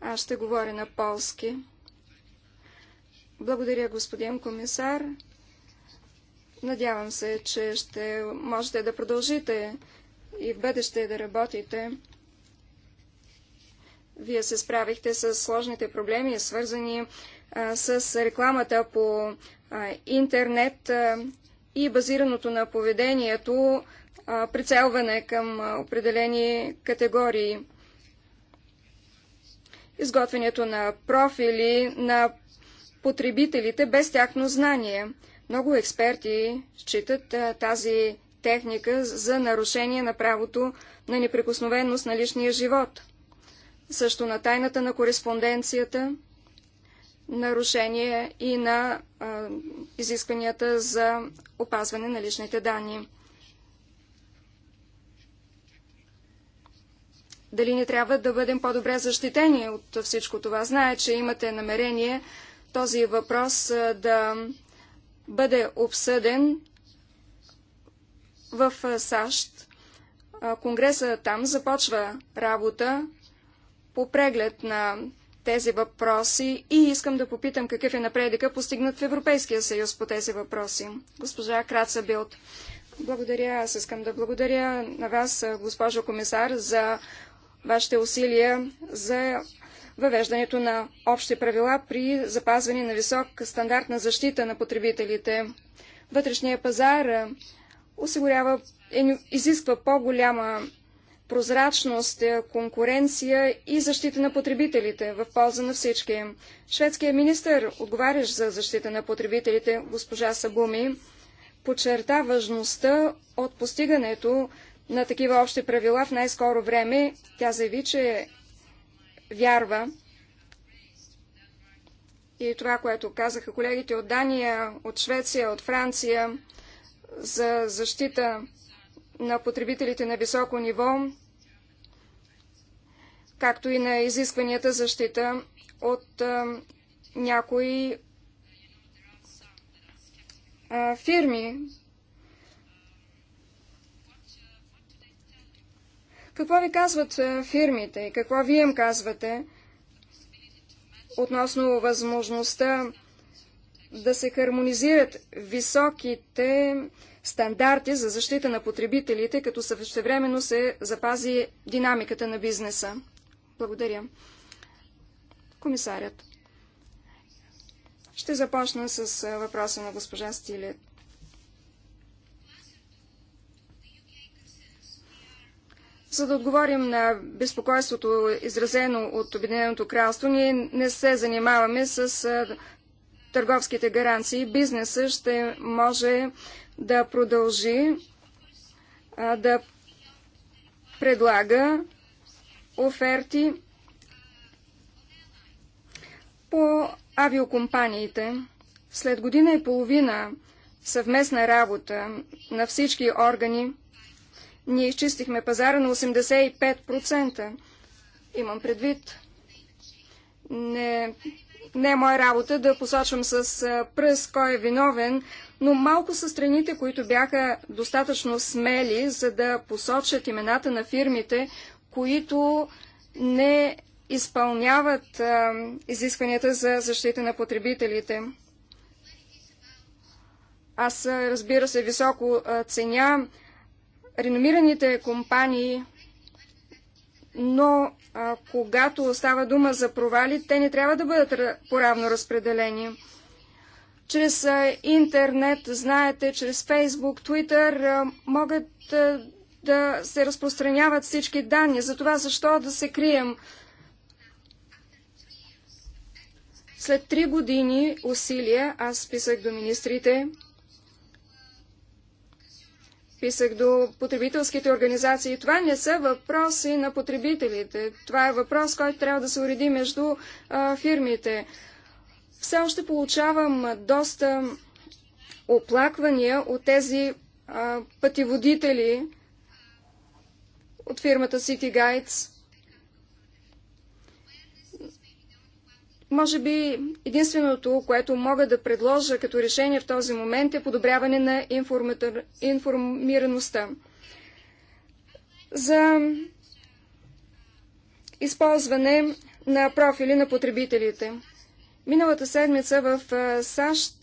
Аз ще говоря на полски. Благодаря, господин комисар. Надявам се, че ще можете да продължите и в бъдеще да работите. Вие се справихте с сложните проблеми, свързани с с рекламата по интернет и базираното на поведението прицелване към определени категории. Изготвянето на профили на потребителите без тяхно знание. Много експерти считат тази техника за нарушение на правото на неприкосновеност на личния живот. Също на тайната на кореспонденцията – нарушение и на а, изискванията за опазване на личните данни. Дали не трябва да бъдем по-добре защитени от всичко това? Знае, че имате намерение този въпрос да бъде обсъден в САЩ. Конгреса там започва работа по преглед на тези въпроси и искам да попитам какъв е напредъка постигнат в Европейския съюз по тези въпроси. Госпожа Краца Билт. Благодаря. Аз искам да благодаря на вас, госпожо комисар, за вашите усилия за въвеждането на общи правила при запазване на висок стандарт на защита на потребителите. Вътрешния пазар осигурява, изисква по-голяма прозрачност, е, конкуренция и защита на потребителите в полза на всички. Шведският министр, отговарящ за защита на потребителите, госпожа Сабуми, подчерта важността от постигането на такива общи правила в най-скоро време. Тя заяви, че вярва и това, което казаха колегите от Дания, от Швеция, от Франция за защита на потребителите на високо ниво, както и на изискванията защита от а, някои а, фирми. Какво ви казват фирмите и какво вие им казвате относно възможността да се хармонизират високите стандарти за защита на потребителите, като същевременно се запази динамиката на бизнеса. Благодаря. Комисарят. Ще започна с въпроса на госпожа Стиле. За да отговорим на безпокойството, изразено от Обединеното кралство, ние не се занимаваме с търговските гаранции. Бизнесът ще може да продължи да предлага оферти по авиокомпаниите. След година и половина съвместна работа на всички органи, ние изчистихме пазара на 85%. Имам предвид. Не, не е моя работа да посочвам с пръст кой е виновен, но малко са страните, които бяха достатъчно смели, за да посочат имената на фирмите, които не изпълняват а, изискванията за защита на потребителите. Аз, разбира се, високо ценя реномираните компании, но а, когато става дума за провали, те не трябва да бъдат поравно разпределени. Чрез а, интернет, знаете, чрез Фейсбук, Твитър могат да се разпространяват всички данни. За това защо да се крием? След три години усилия аз писах до министрите, писах до потребителските организации. Това не са въпроси на потребителите. Това е въпрос, който трябва да се уреди между а, фирмите. Все още получавам доста оплаквания от тези а, пътеводители, от фирмата City Guides. Може би единственото, което мога да предложа като решение в този момент е подобряване на информираността. За използване на профили на потребителите. Миналата седмица в САЩ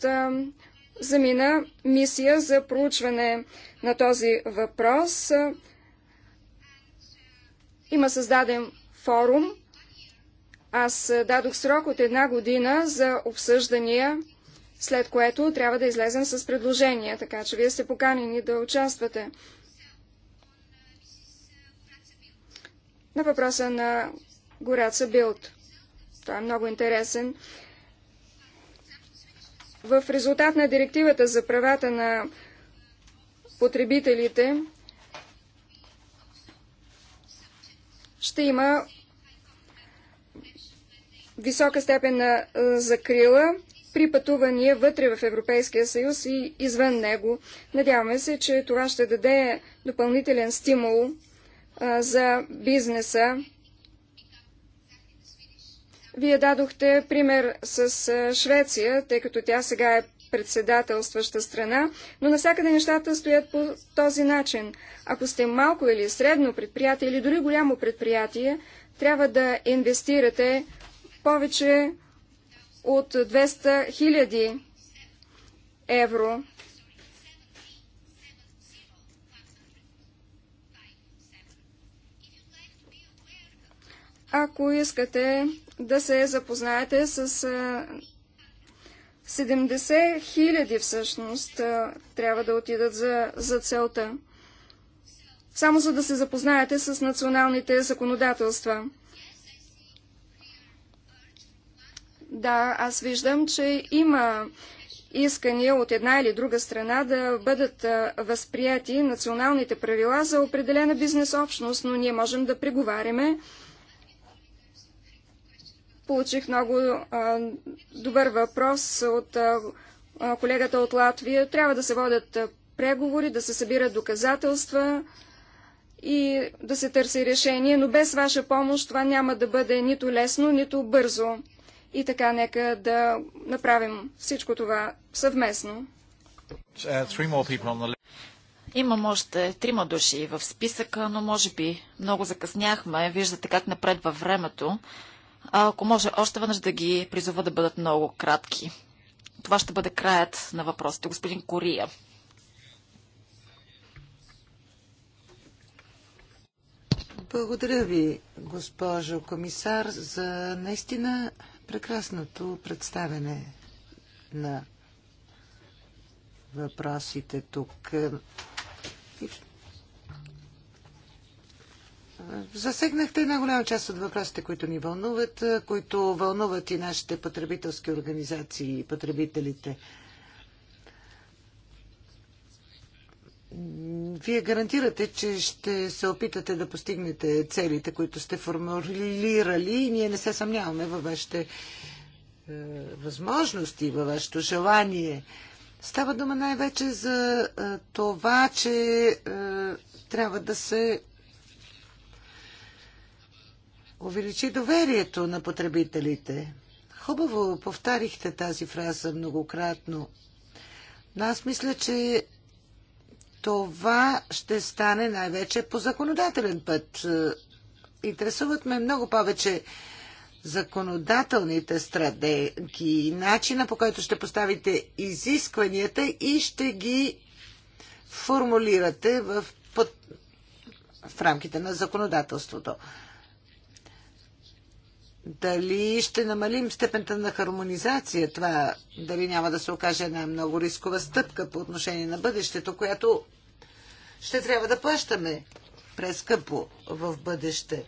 замина мисия за проучване на този въпрос има създаден форум. Аз дадох срок от една година за обсъждания, след което трябва да излезем с предложения, така че вие сте поканени да участвате. На въпроса на Гораца Билт. Той е много интересен. В резултат на директивата за правата на потребителите ще има висока степен на закрила при пътувания вътре в Европейския съюз и извън него. Надяваме се, че това ще даде допълнителен стимул за бизнеса. Вие дадохте пример с Швеция, тъй като тя сега е председателстваща страна, но насякъде нещата стоят по този начин. Ако сте малко или средно предприятие или дори голямо предприятие, трябва да инвестирате повече от 200 000 евро. Ако искате да се запознаете с 70 хиляди всъщност трябва да отидат за, за целта. Само за да се запознаете с националните законодателства. Да, аз виждам, че има искания от една или друга страна да бъдат възприяти националните правила за определена бизнес общност, но ние можем да преговаряме Получих много а, добър въпрос от а, колегата от Латвия. Трябва да се водят преговори, да се събират доказателства и да се търси решение, но без ваша помощ това няма да бъде нито лесно, нито бързо. И така, нека да направим всичко това съвместно. Uh, Имам още трима души в списъка, но може би много закъсняхме. Виждате как напред във времето ако може, още веднъж да ги призова да бъдат много кратки. Това ще бъде краят на въпросите. Господин Кория. Благодаря ви, госпожо комисар, за наистина прекрасното представене на въпросите тук. Засегнахте една голяма част от въпросите, които ни вълнуват, които вълнуват и нашите потребителски организации и потребителите. Вие гарантирате, че ще се опитате да постигнете целите, които сте формулирали и ние не се съмняваме във вашите е, възможности, във вашето желание. Става дума най-вече за е, това, че е, трябва да се увеличи доверието на потребителите. Хубаво повтарихте тази фраза многократно. Но аз мисля, че това ще стане най-вече по законодателен път. Интересуват ме много повече законодателните стратегии, начина по който ще поставите изискванията и ще ги формулирате в, под, в рамките на законодателството. Дали ще намалим степента на хармонизация? Това дали няма да се окаже една много рискова стъпка по отношение на бъдещето, която ще трябва да плащаме прескъпо в бъдеще.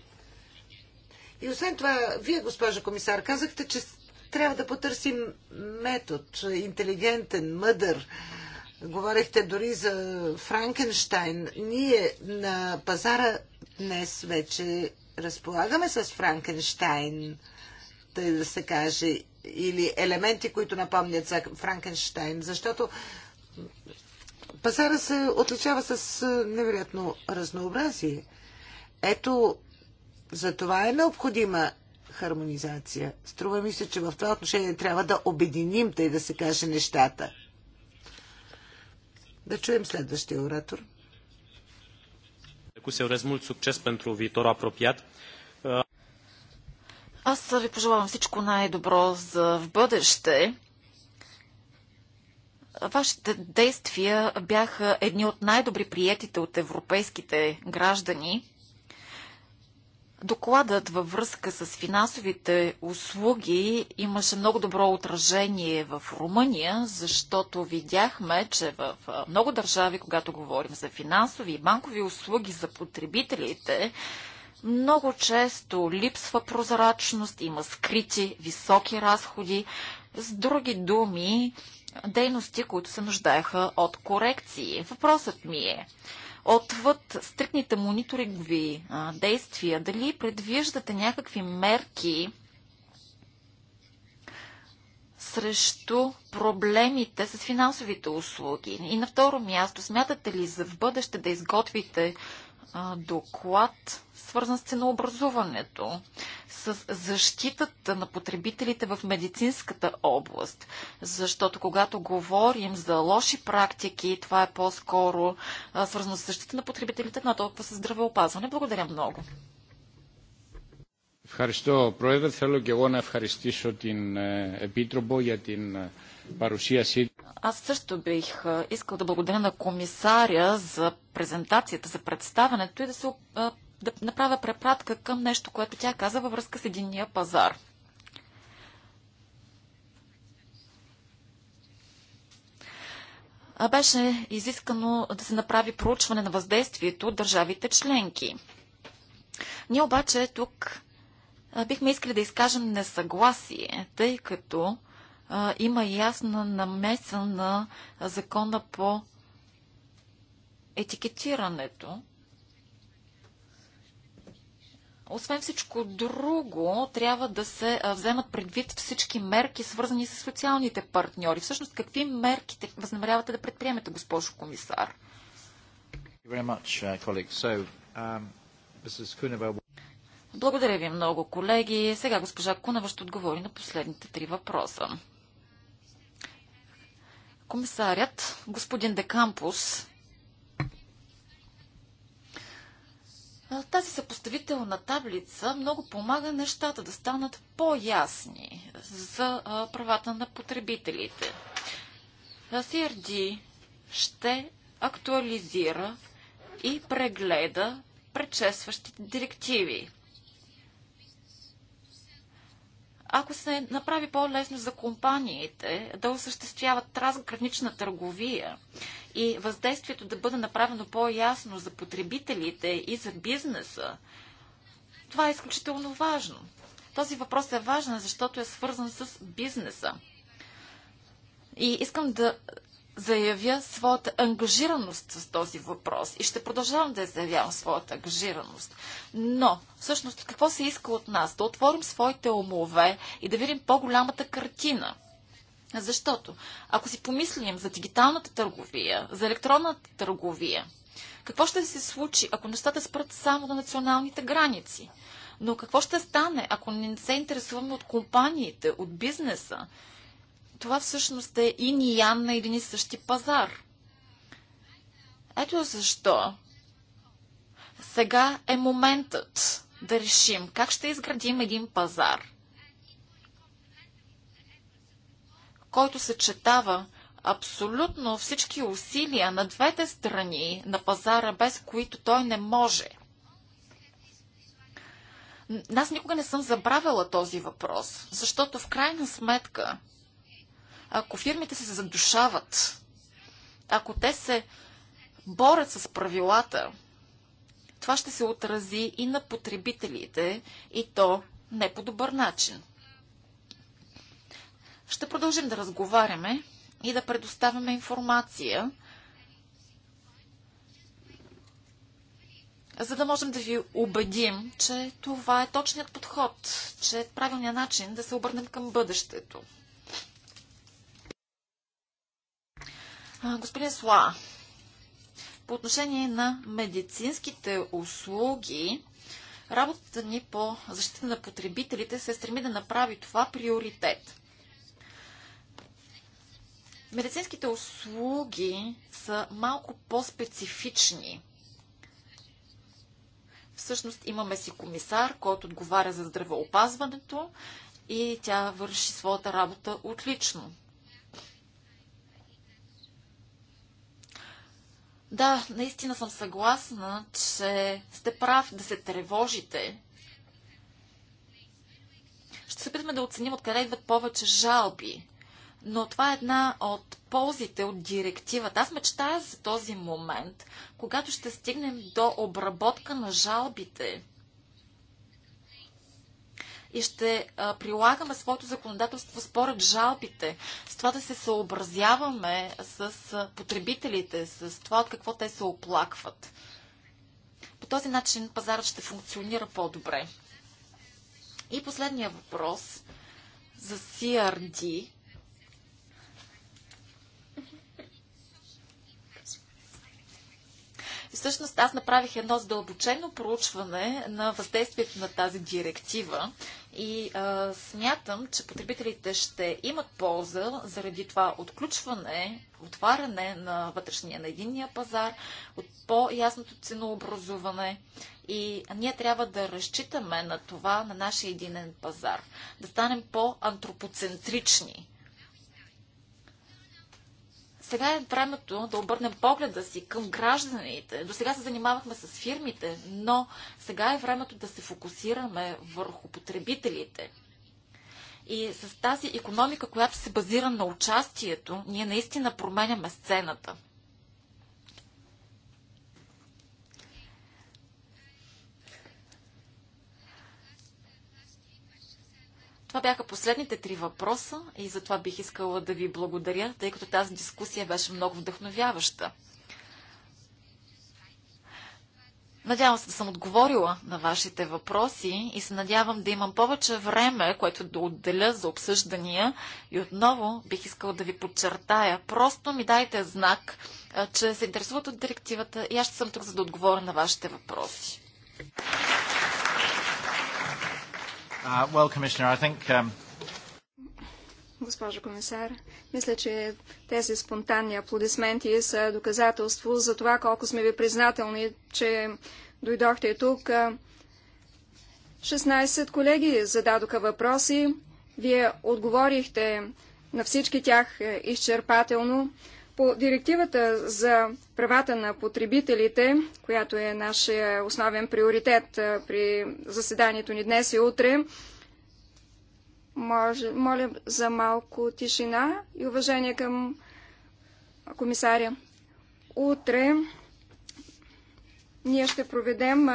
И освен това, вие, госпожа комисар, казахте, че трябва да потърсим метод, интелигентен, мъдър. Говорехте дори за Франкенштайн. Ние на пазара днес вече разполагаме с Франкенштайн, тъй да се каже, или елементи, които напомнят за Франкенштайн, защото пазара се отличава с невероятно разнообразие. Ето, за това е необходима хармонизация. Струва ми се, че в това отношение трябва да обединим, тъй да се каже, нещата. Да чуем следващия оратор să urez mult succes pentru viitorul apropiat. Аз ви пожелавам всичко най-добро за в бъдеще. Вашите действия бяха едни от най-добри приятите от европейските граждани. Докладът във връзка с финансовите услуги имаше много добро отражение в Румъния, защото видяхме, че в много държави, когато говорим за финансови и банкови услуги за потребителите, много често липсва прозрачност, има скрити високи разходи. С други думи, дейности, които се нуждаеха от корекции. Въпросът ми е, отвъд стрикните мониторингови действия, дали предвиждате някакви мерки срещу проблемите с финансовите услуги? И на второ място, смятате ли за в бъдеще да изготвите доклад, свързан с ценообразуването, с защитата на потребителите в медицинската област. Защото когато говорим за лоши практики, това е по-скоро свързано с защита на потребителите, на толкова с здравеопазване. Благодаря много. Ευχαριστώ, Πρόεδρε. Θέλω και εγώ να ευχαριστήσω την Επίτροπο για την аз също бих искал да благодаря на комисаря за презентацията, за представането и да, се, да направя препратка към нещо, което тя каза във връзка с единния пазар. беше изискано да се направи проучване на въздействието от държавите членки. Ние обаче тук бихме искали да изкажем несъгласие, тъй като има ясна намеса на закона по етикетирането. Освен всичко друго, трябва да се вземат предвид всички мерки, свързани с социалните партньори. Всъщност, какви мерки възнамерявате да предприемете, госпожо комисар? Uh, um, Благодаря ви много, колеги. Сега госпожа Кунева ще отговори на последните три въпроса. Комисарят, господин Декампус, тази съпоставителна таблица много помага нещата да станат по-ясни за правата на потребителите. CRD ще актуализира и прегледа предшестващите директиви. ако се направи по-лесно за компаниите да осъществяват трансгранична търговия и въздействието да бъде направено по-ясно за потребителите и за бизнеса, това е изключително важно. Този въпрос е важен, защото е свързан с бизнеса. И искам да заявя своята ангажираност с този въпрос и ще продължавам да я заявявам своята ангажираност. Но, всъщност, какво се иска от нас? Да отворим своите умове и да видим по-голямата картина. Защото, ако си помислим за дигиталната търговия, за електронната търговия, какво ще се случи, ако нещата спрат само на националните граници? Но какво ще стане, ако не се интересуваме от компаниите, от бизнеса? това всъщност е и ниян на един и същи пазар. Ето защо. Сега е моментът да решим как ще изградим един пазар, който съчетава абсолютно всички усилия на двете страни на пазара, без които той не може. Аз никога не съм забравила този въпрос, защото в крайна сметка ако фирмите се задушават, ако те се борят с правилата, това ще се отрази и на потребителите, и то не по добър начин. Ще продължим да разговаряме и да предоставяме информация, за да можем да ви убедим, че това е точният подход, че е правилният начин да се обърнем към бъдещето. Господин Сла, по отношение на медицинските услуги, работата ни по защита на потребителите се стреми да направи това приоритет. Медицинските услуги са малко по-специфични. Всъщност имаме си комисар, който отговаря за здравеопазването и тя върши своята работа отлично. Да, наистина съм съгласна, че сте прав да се тревожите. Ще се опитаме да оценим откъде идват повече жалби. Но това е една от ползите от директивата. Аз мечтая за този момент, когато ще стигнем до обработка на жалбите и ще а, прилагаме своето законодателство според жалбите, с това да се съобразяваме с потребителите, с това от какво те се оплакват. По този начин пазарът ще функционира по-добре. И последния въпрос за CRD. И всъщност аз направих едно задълбочено проучване на въздействието на тази директива и а, смятам, че потребителите ще имат полза заради това отключване, отваряне на вътрешния, на единния пазар, от по-ясното ценообразуване и ние трябва да разчитаме на това, на нашия единен пазар, да станем по-антропоцентрични сега е времето да обърнем погледа си към гражданите. До сега се занимавахме с фирмите, но сега е времето да се фокусираме върху потребителите. И с тази економика, която се базира на участието, ние наистина променяме сцената. Това бяха последните три въпроса и затова бих искала да ви благодаря, тъй като тази дискусия беше много вдъхновяваща. Надявам се да съм отговорила на вашите въпроси и се надявам да имам повече време, което да отделя за обсъждания. И отново бих искала да ви подчертая. Просто ми дайте знак, че се интересуват от директивата и аз ще съм тук, за да отговоря на вашите въпроси. Uh, um, Госпожо комисар, мисля, че тези спонтанни аплодисменти са доказателство за това колко сме ви признателни, че дойдохте тук. 16 колеги зададоха въпроси. Вие отговорихте на всички тях е, изчерпателно. По директивата за правата на потребителите, която е нашия основен приоритет при заседанието ни днес и утре, може, моля за малко тишина и уважение към комисаря. Утре ние ще проведем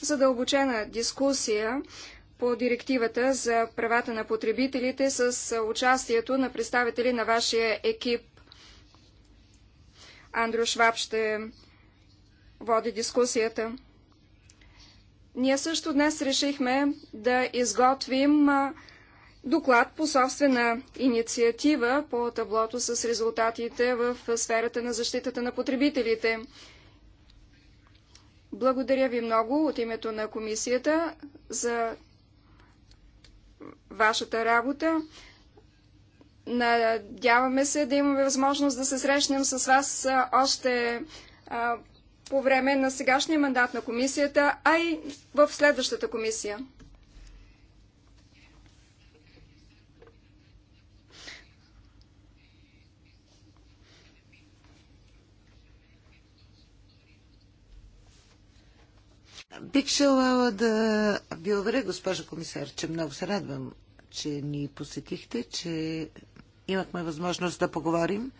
задълбочена дискусия по директивата за правата на потребителите с участието на представители на вашия екип Андрю Шваб ще води дискусията. Ние също днес решихме да изготвим доклад по собствена инициатива по таблото с резултатите в сферата на защитата на потребителите. Благодаря ви много от името на комисията за вашата работа. Надяваме се да имаме възможност да се срещнем с вас още а, по време на сегашния мандат на комисията, а и в следващата комисия. Бих желала да ви уверя, госпожа комисар, че много се радвам, че ни посетихте, че имахме възможност да поговорим.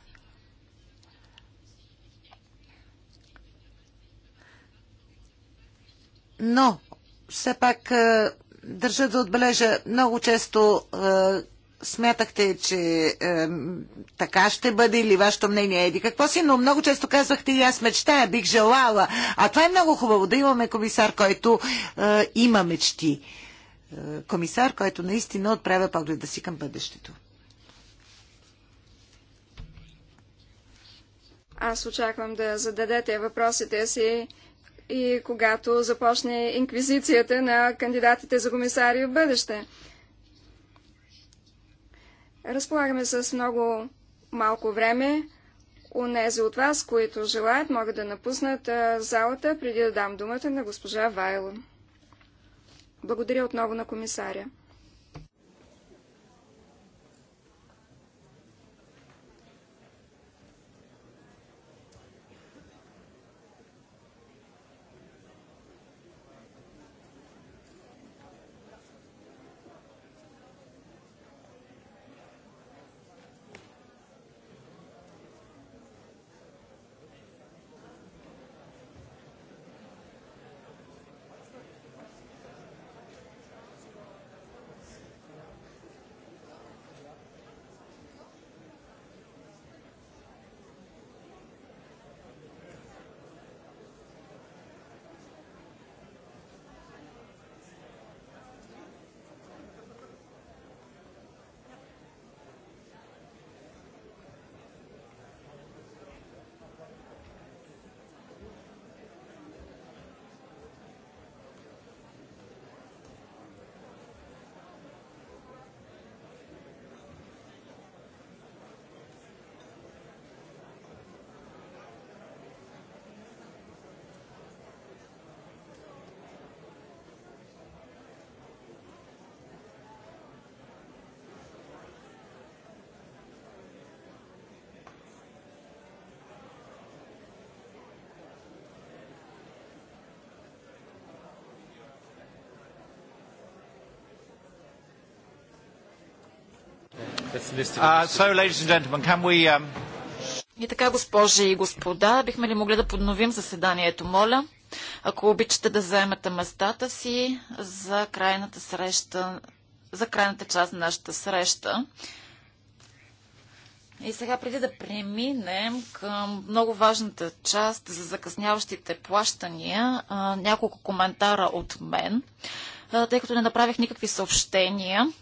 Но, все пак, е, държа да отбележа, много често е, смятахте, че е, така ще бъде или вашето мнение е еди какво си, но много често казвахте и аз мечтая, бих желала. А това е много хубаво, да имаме комисар, който е, има мечти. Е, комисар, който наистина отправя погледа си към бъдещето. Аз очаквам да зададете въпросите си и когато започне инквизицията на кандидатите за комисари в бъдеще. Разполагаме с много малко време. Унези от вас, които желаят, могат да напуснат залата, преди да дам думата на госпожа Вайло. Благодаря отново на комисаря. Um, и така, госпожи и господа, бихме ли могли да подновим заседанието, моля? Ако обичате да заемете местата си за крайната среща, за крайната част на нашата среща. И сега, преди да преминем към много важната част за закъсняващите плащания, няколко коментара от мен, тъй като не направих никакви съобщения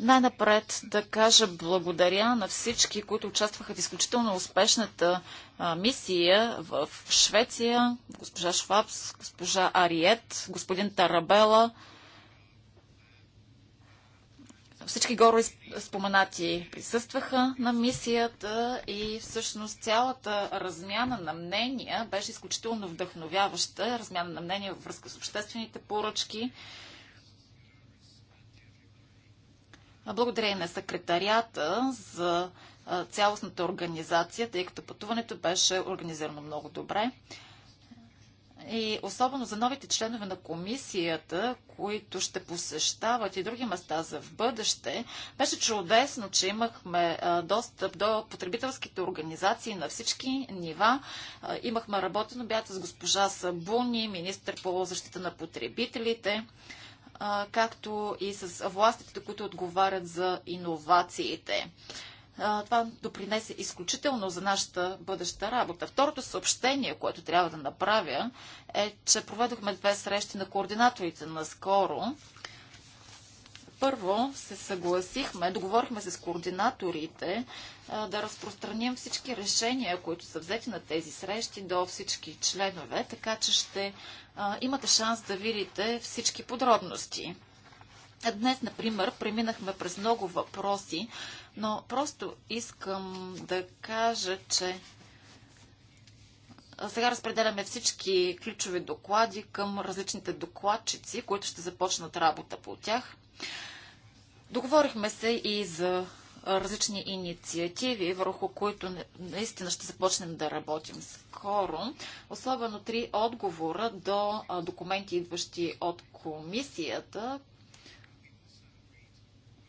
Най-напред да кажа благодаря на всички, които участваха в изключително успешната мисия в Швеция. Госпожа Швабс, госпожа Ариет, господин Тарабела. Всички горе споменати присъстваха на мисията и всъщност цялата размяна на мнения беше изключително вдъхновяваща. Размяна на мнения във връзка с обществените поръчки Благодаря и на секретарията за цялостната организация, тъй като пътуването беше организирано много добре. И особено за новите членове на комисията, които ще посещават и други места за в бъдеще, беше чудесно, че имахме достъп до потребителските организации на всички нива. Имахме работен обяд с госпожа Сабуни, министър по защита на потребителите както и с властите, които отговарят за иновациите. Това допринесе изключително за нашата бъдеща работа. Второто съобщение, което трябва да направя, е, че проведохме две срещи на координаторите наскоро първо се съгласихме, договорихме се с координаторите да разпространим всички решения, които са взети на тези срещи до всички членове, така че ще имате шанс да видите всички подробности. Днес, например, преминахме през много въпроси, но просто искам да кажа, че сега разпределяме всички ключови доклади към различните докладчици, които ще започнат работа по тях. Договорихме се и за различни инициативи, върху които наистина ще започнем да работим скоро. Особено три отговора до документи, идващи от комисията.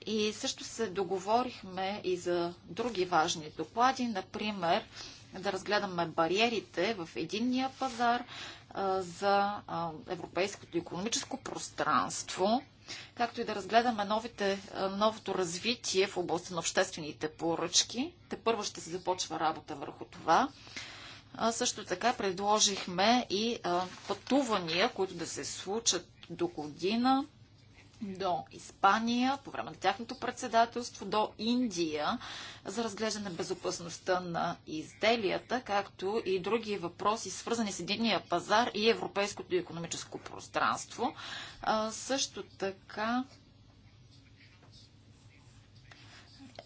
И също се договорихме и за други важни доклади, например да разгледаме бариерите в единния пазар за европейското економическо пространство както и да разгледаме новите, новото развитие в областта на обществените поръчки. Те първо ще се започва работа върху това. А, също така предложихме и пътувания, които да се случат до година до Испания по време на тяхното председателство, до Индия за разглеждане безопасността на изделията, както и други въпроси, свързани с единния пазар и европейското економическо пространство. А, също така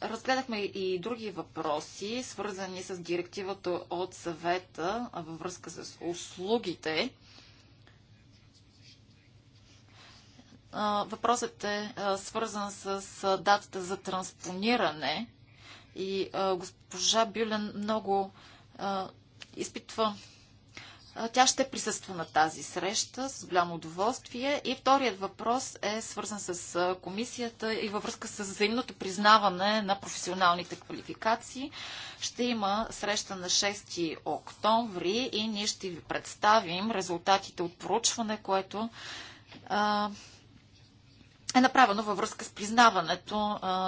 разгледахме и други въпроси, свързани с директивата от съвета във връзка с услугите въпросът е свързан с датата за транспониране и госпожа Бюлен много изпитва. Тя ще присъства на тази среща с голямо удоволствие. И вторият въпрос е свързан с комисията и във връзка с взаимното признаване на професионалните квалификации. Ще има среща на 6 октомври и ние ще ви представим резултатите от проучване, което е направено във връзка с признаването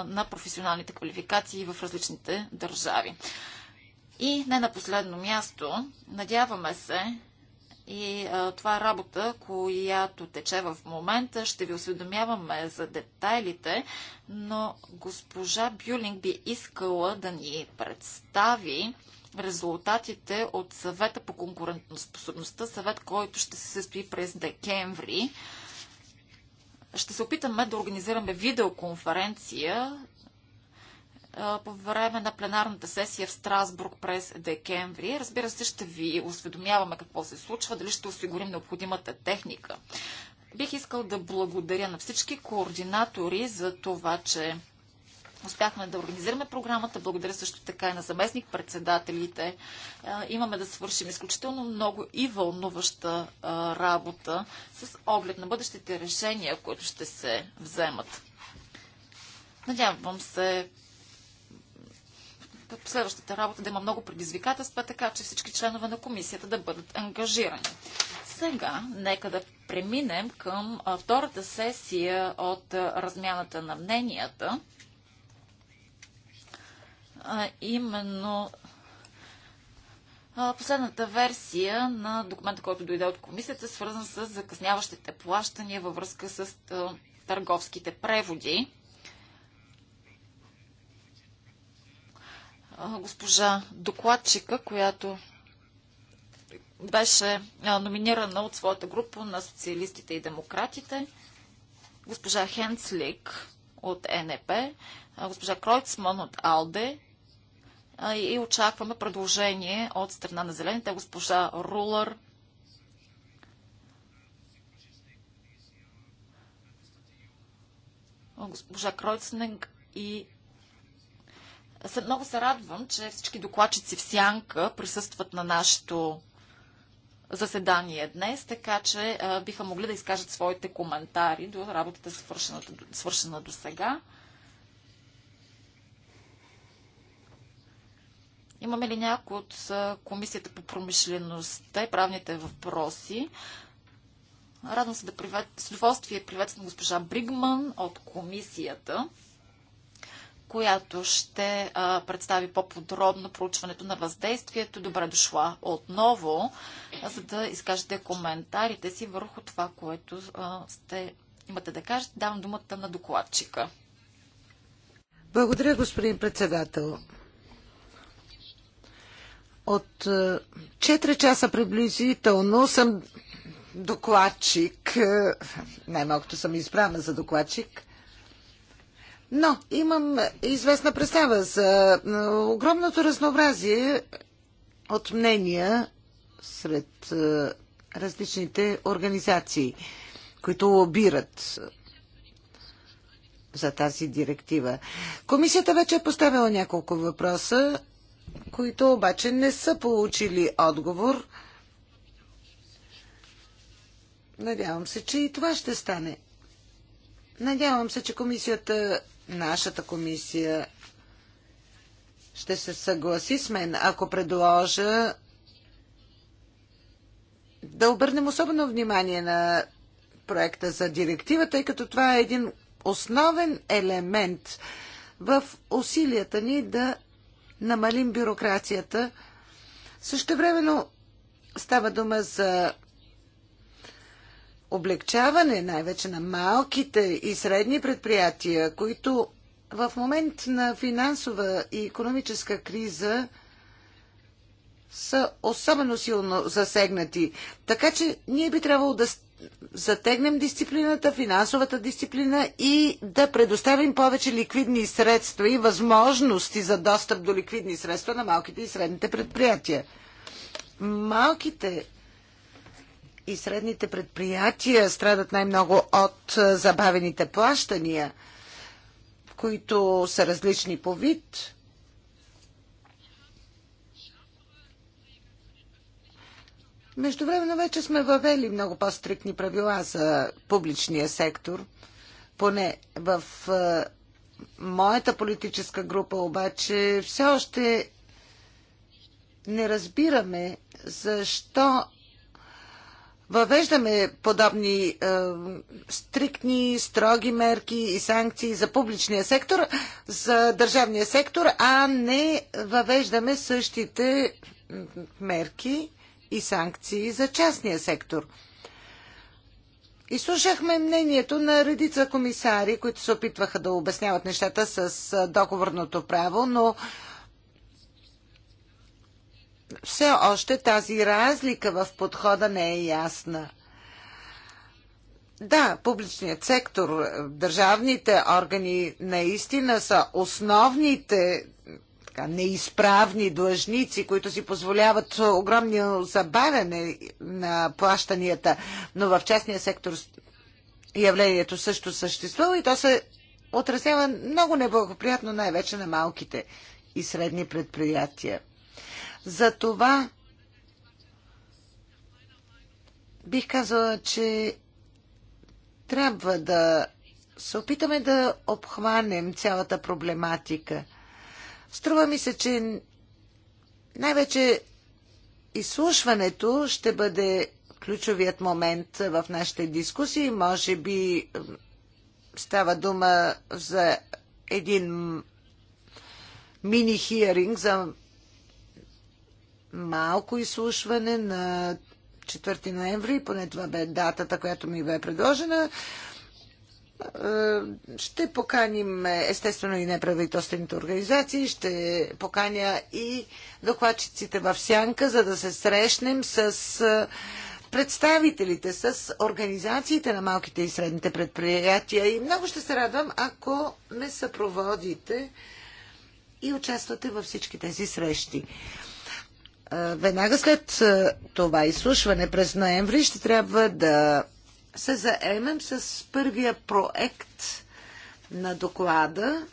на професионалните квалификации в различните държави. И не на последно място, надяваме се, и а, това е работа, която тече в момента. Ще ви осведомяваме за детайлите, но госпожа Бюлинг би искала да ни представи резултатите от съвета по конкурентоспособността, съвет, който ще се състои през декември ще се опитаме да организираме видеоконференция по време на пленарната сесия в Страсбург през декември. Разбира се, ще ви осведомяваме какво се случва, дали ще осигурим необходимата техника. Бих искал да благодаря на всички координатори за това, че Успяхме да организираме програмата. Благодаря също така и на заместник председателите. Е, имаме да свършим изключително много и вълнуваща е, работа с оглед на бъдещите решения, които ще се вземат. Надявам се следващата работа да има много предизвикателства, така че всички членове на комисията да бъдат ангажирани. Сега нека да преминем към втората сесия от размяната на мненията а именно Последната версия на документа, който дойде от комисията, свързан с закъсняващите плащания във връзка с търговските преводи. Госпожа докладчика, която беше номинирана от своята група на социалистите и демократите, госпожа Хенцлик от НП, госпожа Кройцман от АЛДЕ и очакваме предложение от страна на зелените, госпожа Рулър. госпожа Кройцнинг и много се радвам, че всички докладчици в Сянка присъстват на нашето заседание днес, така че биха могли да изкажат своите коментари до работата свършена, свършена до сега. Имаме ли някой от Комисията по промишлеността и правните въпроси? Радвам се да приветствам. с удоволствие приветствам госпожа Бригман от комисията, която ще представи по-подробно проучването на въздействието. Добре дошла отново, за да изкажете коментарите си върху това, което сте, имате да кажете. Давам думата на докладчика. Благодаря, господин председател. От 4 е, часа приблизително съм докладчик. Е, най-малкото съм избрана за докладчик. Но имам известна представа за е, огромното разнообразие от мнения сред различните организации, които лобират за тази директива. Комисията вече е поставила няколко въпроса които обаче не са получили отговор. Надявам се, че и това ще стане. Надявам се, че комисията, нашата комисия, ще се съгласи с мен, ако предложа да обърнем особено внимание на проекта за директива, тъй като това е един основен елемент в усилията ни да намалим бюрокрацията. също времено става дума за облегчаване най-вече на малките и средни предприятия, които в момент на финансова и економическа криза са особено силно засегнати. Така че ние би трябвало да затегнем дисциплината, финансовата дисциплина и да предоставим повече ликвидни средства и възможности за достъп до ликвидни средства на малките и средните предприятия. Малките и средните предприятия страдат най-много от забавените плащания, които са различни по вид. Междувременно вече сме въвели много по-стрикни правила за публичния сектор. Поне в е, моята политическа група обаче все още не разбираме защо въвеждаме подобни е, стриктни, строги мерки и санкции за публичния сектор, за държавния сектор, а не въвеждаме същите мерки и санкции за частния сектор. Изслушахме мнението на редица комисари, които се опитваха да обясняват нещата с договорното право, но все още тази разлика в подхода не е ясна. Да, публичният сектор, е, държавните органи наистина са основните така, неизправни длъжници, които си позволяват огромно забавяне на плащанията, но в частния сектор явлението също съществува и то се отразява много неблагоприятно най-вече на малките и средни предприятия. За това бих казала, че трябва да се опитаме да обхванем цялата проблематика – Струва ми се, че най-вече изслушването ще бъде ключовият момент в нашите дискусии. Може би става дума за един мини хиринг за малко изслушване на 4 ноември, поне това бе датата, която ми бе предложена. Е, ще поканим естествено и неправителствените организации, ще поканя и докладчиците в Сянка, за да се срещнем с е, представителите, с организациите на малките и средните предприятия и много ще се радвам, ако ме съпроводите и участвате във всички тези срещи. Е, веднага след това изслушване през ноември ще трябва да се заемем с първия проект на доклада,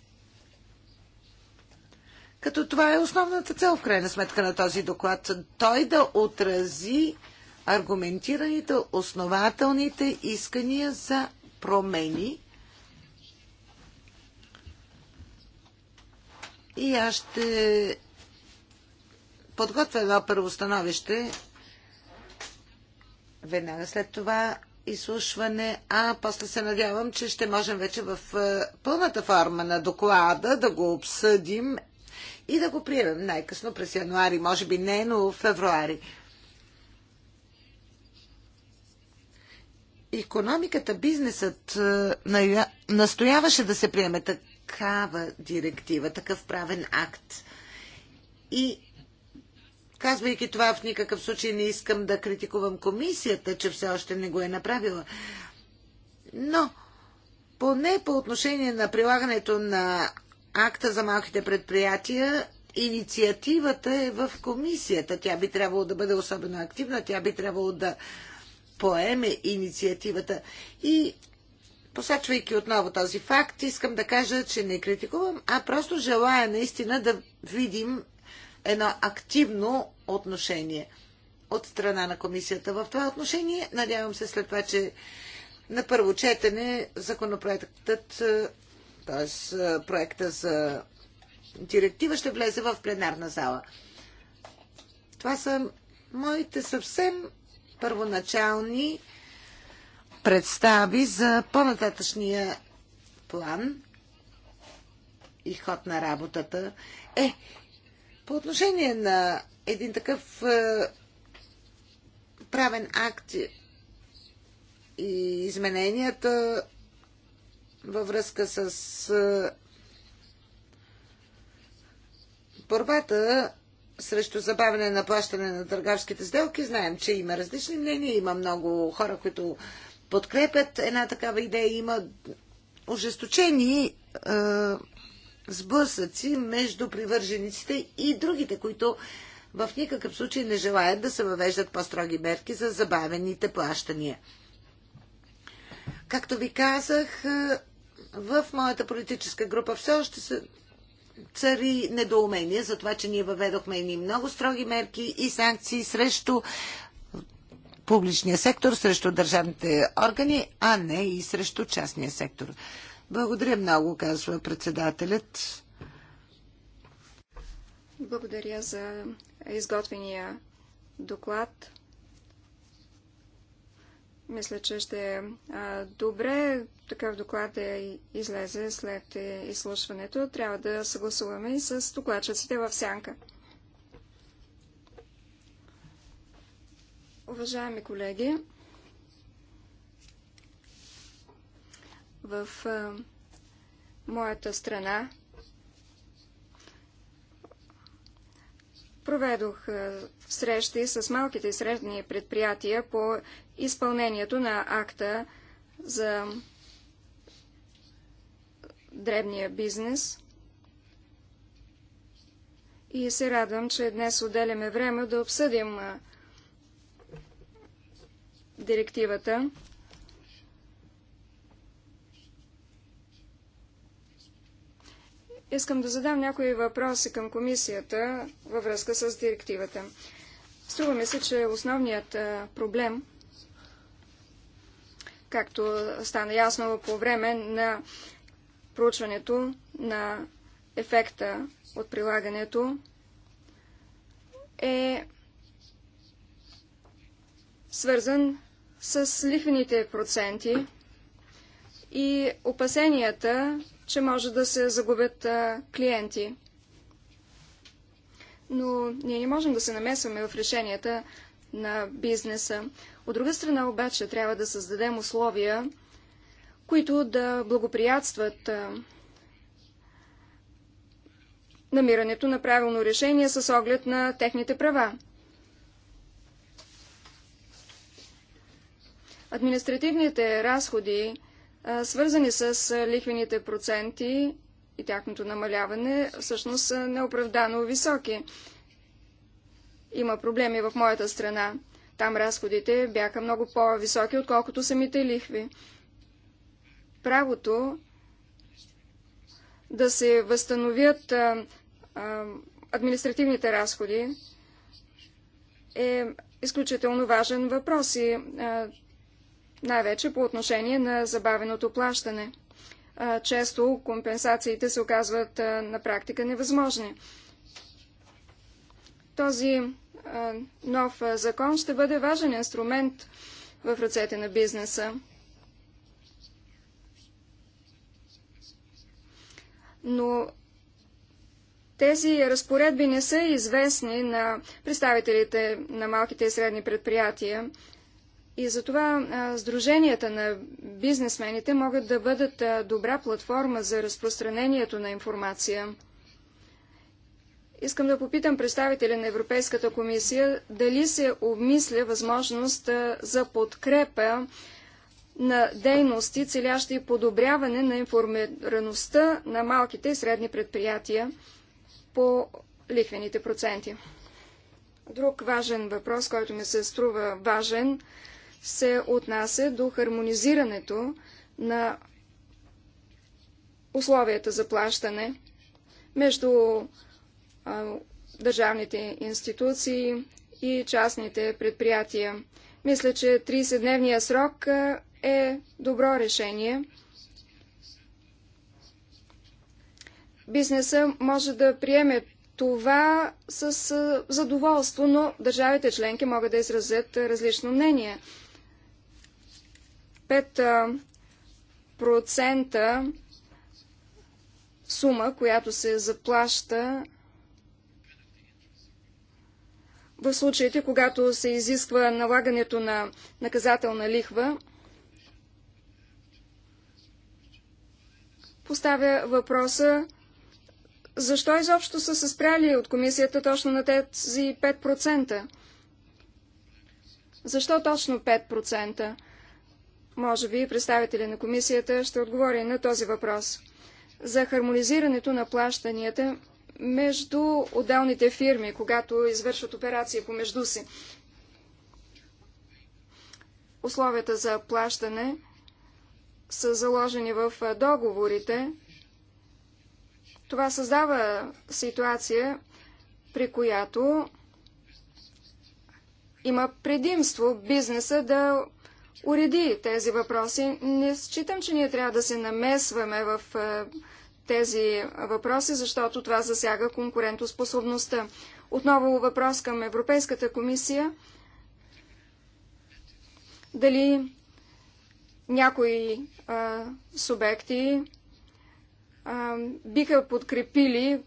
като това е основната цел в крайна сметка на този доклад. Той да отрази аргументираните, основателните искания за промени. И аз ще подготвя едно първо становище. Веднага след това изслушване, а после се надявам, че ще можем вече в е, пълната форма на доклада да го обсъдим и да го приемем най-късно през януари, може би не, но в февруари. Економиката, бизнесът е, настояваше да се приеме такава директива, такъв правен акт. И Казвайки това, в никакъв случай не искам да критикувам комисията, че все още не го е направила. Но, поне по отношение на прилагането на акта за малките предприятия, инициативата е в комисията. Тя би трябвало да бъде особено активна, тя би трябвало да поеме инициативата. И посачвайки отново този факт, искам да кажа, че не критикувам, а просто желая наистина да видим едно активно отношение от страна на комисията в това отношение. Надявам се след това, че на първо четене законопроектът, т.е. Е, проекта за директива ще влезе в пленарна зала. Това са моите съвсем първоначални представи за по-нататъчния план и ход на работата. Е, по отношение на един такъв е, правен акт и измененията във връзка с е, борбата срещу забавяне на плащане на търговските сделки. Знаем, че има различни мнения, има много хора, които подкрепят една такава идея, има ожесточени е, сблъсъци между привържениците и другите, които в никакъв случай не желаят да се въвеждат по-строги мерки за забавените плащания. Както ви казах, е, в моята политическа група все още се цари недоумение за това, че ние въведохме едни много строги мерки и санкции срещу публичния сектор, срещу държавните органи, а не и срещу частния сектор. Благодаря много, казва председателят. Благодаря за изготвения доклад. Мисля, че ще е добре такъв доклад да е излезе след изслушването. Трябва да съгласуваме и с докладчиците в сянка. Уважаеми колеги, в моята страна. Проведох срещи с малките и средни предприятия по изпълнението на акта за дребния бизнес. И се радвам, че днес отделяме време да обсъдим директивата. Искам да задам някои въпроси към комисията във връзка с директивата. Струва ми се, че основният проблем, както стана ясно по време на проучването на ефекта от прилагането, е свързан с лихвените проценти и опасенията че може да се загубят а, клиенти. Но ние не можем да се намесваме в решенията на бизнеса. От друга страна обаче трябва да създадем условия, които да благоприятстват а, намирането на правилно решение с оглед на техните права. Административните разходи свързани с лихвените проценти и тяхното намаляване, всъщност са неоправдано високи. Има проблеми в моята страна. Там разходите бяха много по-високи, отколкото самите лихви. Правото да се възстановят а, а, административните разходи е изключително важен въпрос и а, най-вече по отношение на забавеното плащане. Често компенсациите се оказват на практика невъзможни. Този нов закон ще бъде важен инструмент в ръцете на бизнеса. Но тези разпоредби не са известни на представителите на малките и средни предприятия. И затова сдруженията на бизнесмените могат да бъдат добра платформа за разпространението на информация. Искам да попитам представителя на Европейската комисия дали се обмисля възможност за подкрепа на дейности, целящи подобряване на информираността на малките и средни предприятия по лихвените проценти. Друг важен въпрос, който ми се струва важен, се отнася до хармонизирането на условията за плащане между държавните институции и частните предприятия. Мисля, че 30-дневния срок е добро решение. Бизнеса може да приеме това с задоволство, но държавите членки могат да изразят различно мнение 5% сума, която се заплаща в случаите, когато се изисква налагането на наказателна лихва, поставя въпроса защо изобщо са се спряли от комисията точно на тези 5%? Защо точно 5%? Може би представителя на комисията ще отговори на този въпрос. За хармонизирането на плащанията между отделните фирми, когато извършват операции помежду си. Условията за плащане са заложени в договорите. Това създава ситуация, при която има предимство бизнеса да уреди тези въпроси. Не считам, че ние трябва да се намесваме в е, тези въпроси, защото това засяга конкурентоспособността. Отново въпрос към Европейската комисия. Дали някои а, е, субекти а, е, биха подкрепили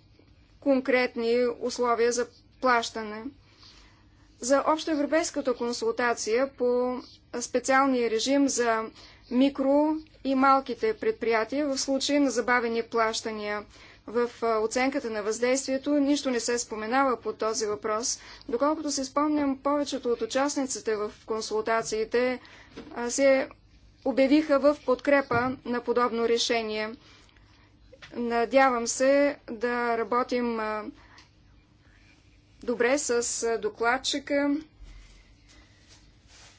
конкретни условия за плащане за общоевропейската консултация по специалния режим за микро и малките предприятия в случай на забавени плащания. В оценката на въздействието нищо не се споменава по този въпрос. Доколкото се спомням, повечето от участниците в консултациите се обявиха в подкрепа на подобно решение. Надявам се да работим добре с докладчика.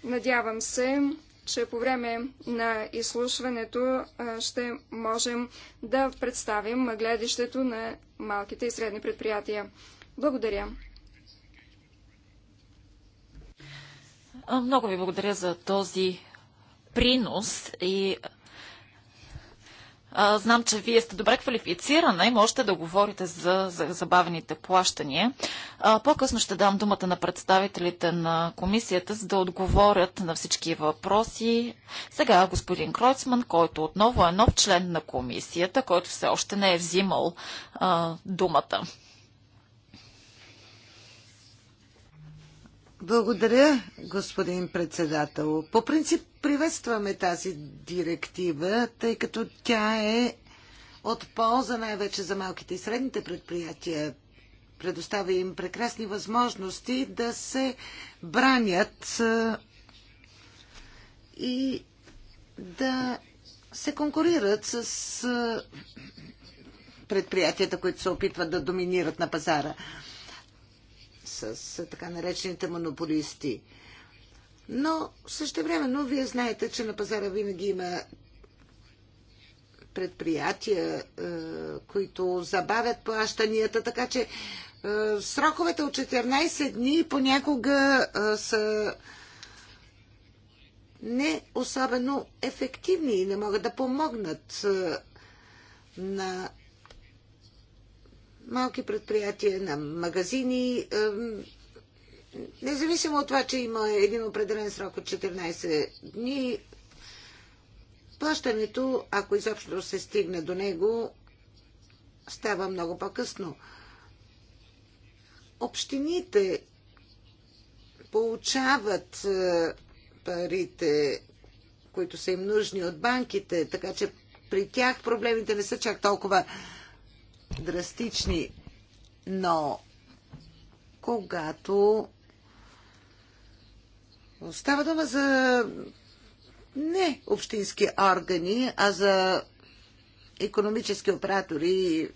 Надявам се, че по време на изслушването ще можем да представим гледището на малките и средни предприятия. Благодаря. Много ви благодаря за този принос и знам, че вие сте добре квалифицирана и можете да говорите за, забавените плащания. по-късно ще дам думата на представителите на комисията, за да отговорят на всички въпроси. Сега господин Кройцман, който отново е нов член на комисията, който все още не е взимал а, думата. Благодаря, господин председател. По принцип приветстваме тази директива, тъй като тя е от полза най-вече за малките и средните предприятия. Предоставя им прекрасни възможности да се бранят и да се конкурират с предприятията, които се опитват да доминират на пазара с така наречените монополисти. Но същевременно вие знаете, че на пазара винаги има предприятия, е, които забавят плащанията, така че е, сроковете от 14 дни понякога е, са не особено ефективни и не могат да помогнат на малки предприятия, на магазини. Независимо от това, че има един определен срок от 14 дни, плащането, ако изобщо се стигне до него, става много по-късно. Общините получават парите, които са им нужни от банките, така че при тях проблемите не са чак толкова драстични, но когато става дума за не общински органи, а за економически оператори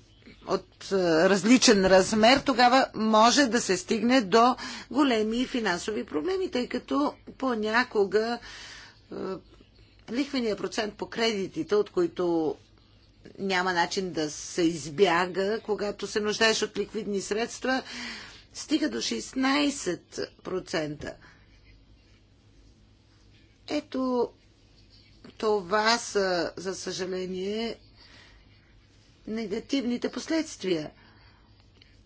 от е, различен размер, тогава може да се стигне до големи финансови проблеми, тъй като понякога е, лихвения процент по кредитите, от които няма начин да се избяга, когато се нуждаеш от ликвидни средства, стига до 16%. Ето, това са, за съжаление, негативните последствия.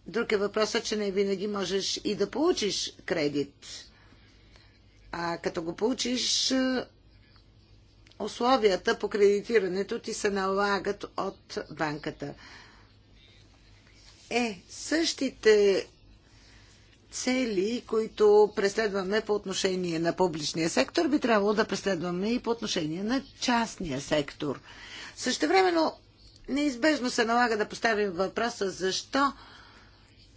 Друг е въпросът, че не винаги можеш и да получиш кредит. А като го получиш, условията по кредитирането ти се налагат от банката. Е, същите цели, които преследваме по отношение на публичния сектор, би трябвало да преследваме и по отношение на частния сектор. времено, неизбежно се налага да поставим въпроса защо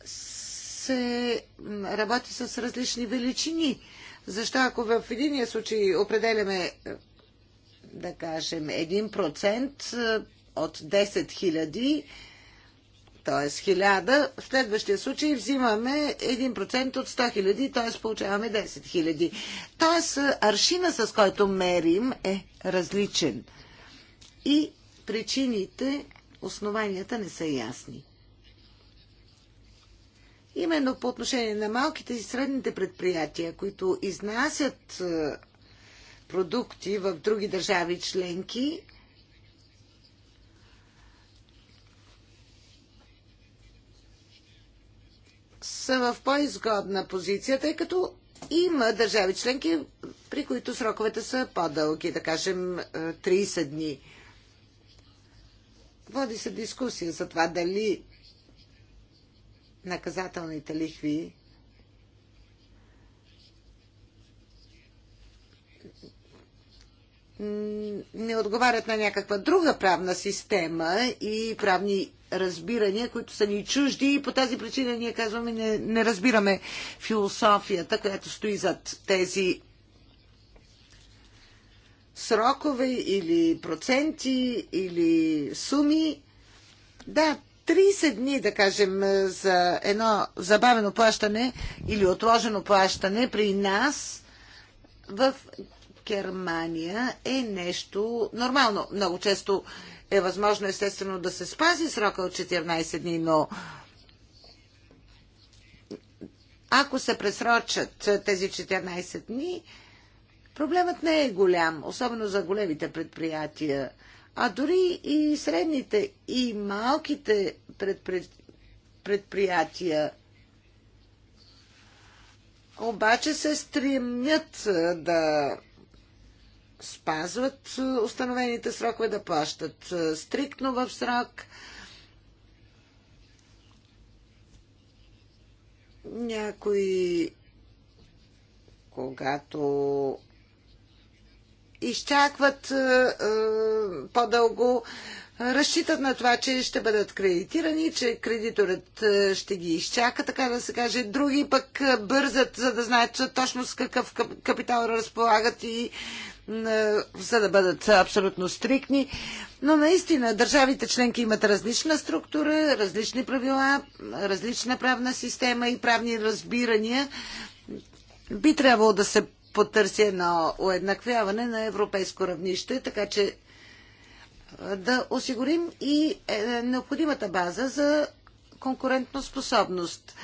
се работи с различни величини. Защо ако в единия случай определяме да кажем 1% от 10 000, т.е. 1000. В следващия случай взимаме 1% от 100 000, т.е. получаваме 10 000. Т.е. аршина, с който мерим, е различен. И причините, основанията не са ясни. Именно по отношение на малките и средните предприятия, които изнасят продукти в други държави членки. са в по-изгодна позиция, тъй като има държави членки, при които сроковете са по-дълги, да кажем 30 е, дни. Води се дискусия за това дали наказателните лихви не отговарят на някаква друга правна система и правни разбирания, които са ни чужди и по тази причина ние казваме не, не разбираме философията, която стои зад тези срокове или проценти или суми. Да, 30 дни, да кажем, за едно забавено плащане или отложено плащане при нас в Германия е нещо нормално. Много често е възможно естествено да се спази срока от 14 дни, но ако се пресрочат тези 14 дни, проблемът не е голям, особено за големите предприятия, а дори и средните и малките предприятия обаче се стремят да спазват е, установените срокове, да плащат е, стриктно в срок. Някои, когато изчакват е, по-дълго, разчитат на това, че ще бъдат кредитирани, че кредиторът ще ги изчака, така да се каже. Други пък бързат, за да знаят точно с какъв капитал разполагат и е, за да бъдат абсолютно стрикни. Но наистина държавите членки имат различна структура, различни правила, различна правна система и правни разбирания. Би трябвало да се потърси едно уеднаквяване на европейско равнище, така че е, да осигурим и е, необходимата база за конкурентоспособност.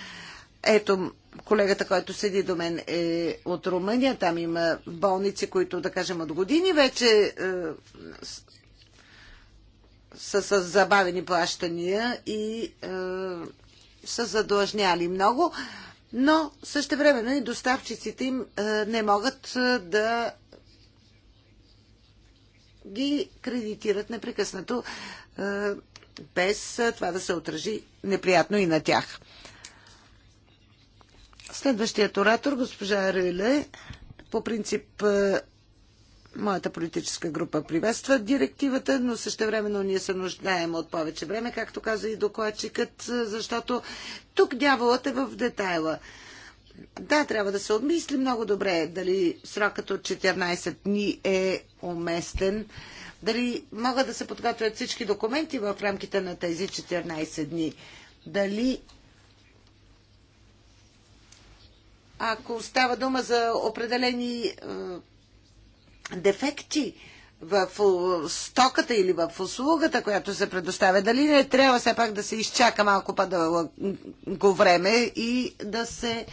Ето, колегата, който седи до мен е от Румъния. Там има болници, които, да кажем, от години вече е, са с забавени плащания и е, са задлъжняли много, но също време и доставчиците им е, не могат е, да ги кредитират непрекъснато, е, без е, това да се отражи неприятно и на тях. Следващият оратор, госпожа Рюле, по принцип е, моята политическа група приветства директивата, но същевременно ние се нуждаем от повече време, както каза и докладчикът, е, защото тук дяволът е в детайла. Да, трябва да се обмисли много добре дали срокът от 14 дни е уместен, дали могат да се подготвят всички документи в рамките на тези 14 дни, дали ако става дума за определени е, дефекти в е, стоката или в услугата, която се предоставя, дали не трябва все пак да се изчака малко по-дълго време и да се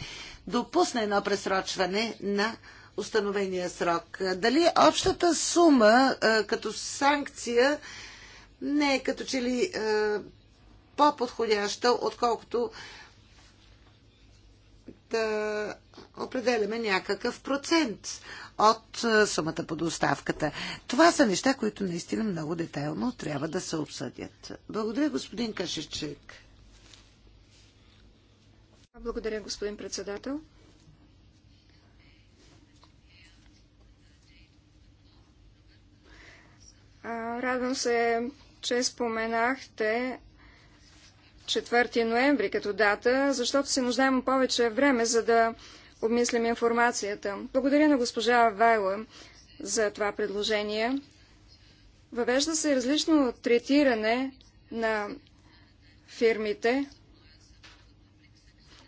допусне едно пресрочване на установения срок. Дали общата сума е, като санкция не е като че ли по-подходяща, отколкото да определяме някакъв процент от е, сумата по доставката. Това са неща, които наистина много детайлно трябва да се обсъдят. Благодаря, господин Кашичек. Благодаря, господин председател. Радвам се, че споменахте 4 ноември като дата, защото се нуждаем повече време, за да обмислим информацията. Благодаря на госпожа Вайла за това предложение. Въвежда се различно третиране на фирмите,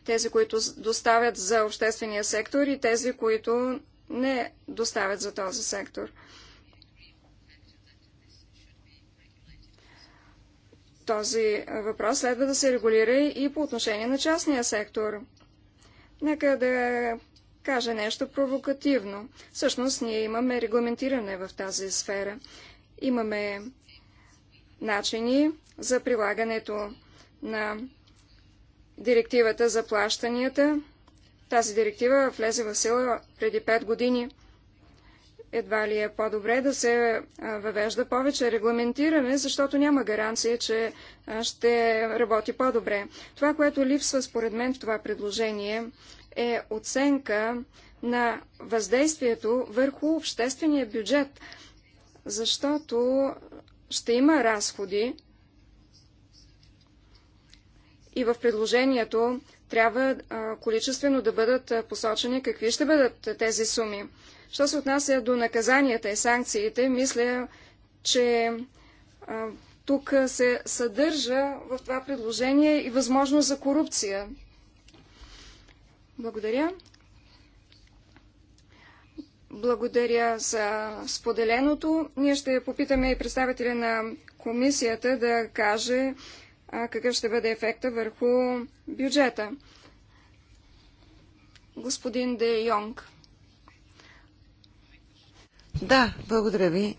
тези, които доставят за обществения сектор и тези, които не доставят за този сектор. Този въпрос следва да се регулира и по отношение на частния сектор. Нека да кажа нещо провокативно. Всъщност ние имаме регламентиране в тази сфера. Имаме начини за прилагането на директивата за плащанията. Тази директива влезе в сила преди 5 години. Едва ли е по-добре да се въвежда повече регламентиране, защото няма гаранция, че ще работи по-добре. Това, което липсва според мен в това предложение е оценка на въздействието върху обществения бюджет, защото ще има разходи и в предложението трябва количествено да бъдат посочени какви ще бъдат тези суми. Що се отнася до наказанията и санкциите, мисля, че а, тук се съдържа в това предложение и възможност за корупция. Благодаря. Благодаря за споделеното. Ние ще попитаме и представителя на комисията да каже а, какъв ще бъде ефекта върху бюджета. Господин Де Йонг. Да, благодаря ви.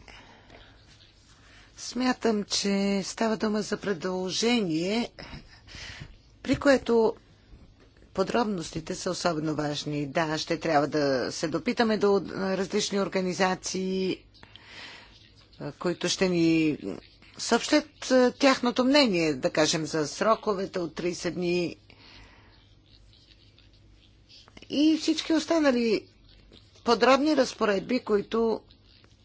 Смятам, че става дума за предложение, при което подробностите са особено важни. Да, ще трябва да се допитаме до различни организации, които ще ни съобщат тяхното мнение, да кажем, за сроковете от 30 дни и всички останали подробни разпоредби, които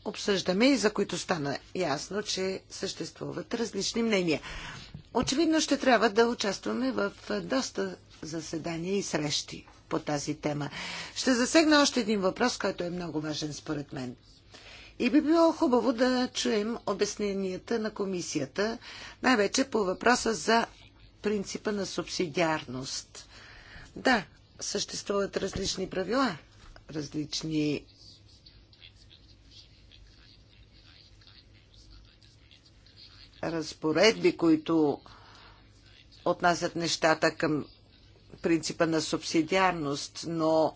обсъждаме и за които стана ясно, че съществуват различни мнения. Очевидно ще трябва да участваме в доста заседания и срещи по тази тема. Ще засегна още един въпрос, който е много важен според мен. И би било хубаво да чуем обясненията на комисията, най-вече по въпроса за принципа на субсидиарност. Да, съществуват различни правила различни разпоредби, които отнасят нещата към принципа на субсидиарност, но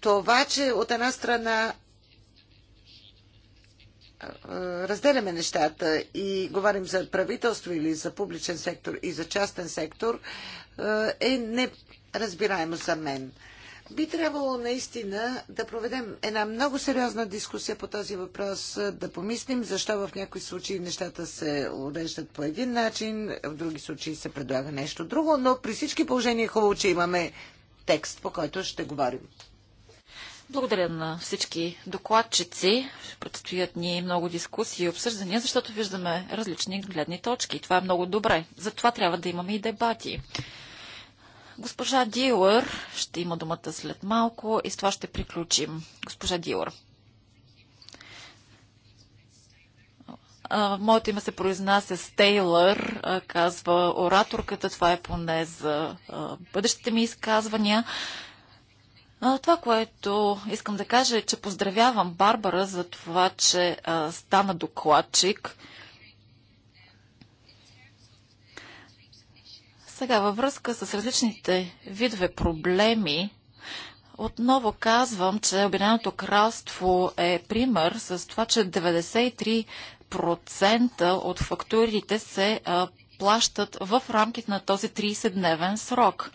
това, че от една страна разделяме нещата и говорим за правителство или за публичен сектор и за частен сектор, е неразбираемо за мен. Би трябвало наистина да проведем една много сериозна дискусия по този въпрос, да помислим защо в някои случаи нещата се уреждат по един начин, в други случаи се предлага нещо друго, но при всички положения е хубаво, че имаме текст, по който ще говорим. Благодаря на всички докладчици. Предстоят ни много дискусии и обсъждания, защото виждаме различни гледни точки. Това е много добре. Затова трябва да имаме и дебати. Госпожа Дилър ще има думата след малко и с това ще приключим. Госпожа Дилър. Моето име се произнася с Тейлър, казва ораторката. Това е поне за бъдещите ми изказвания. Това, което искам да кажа е, че поздравявам Барбара за това, че стана докладчик. Сега, във връзка с различните видове проблеми, отново казвам, че Обединеното кралство е пример с това, че 93% от фактурите се а, плащат в рамките на този 30-дневен срок.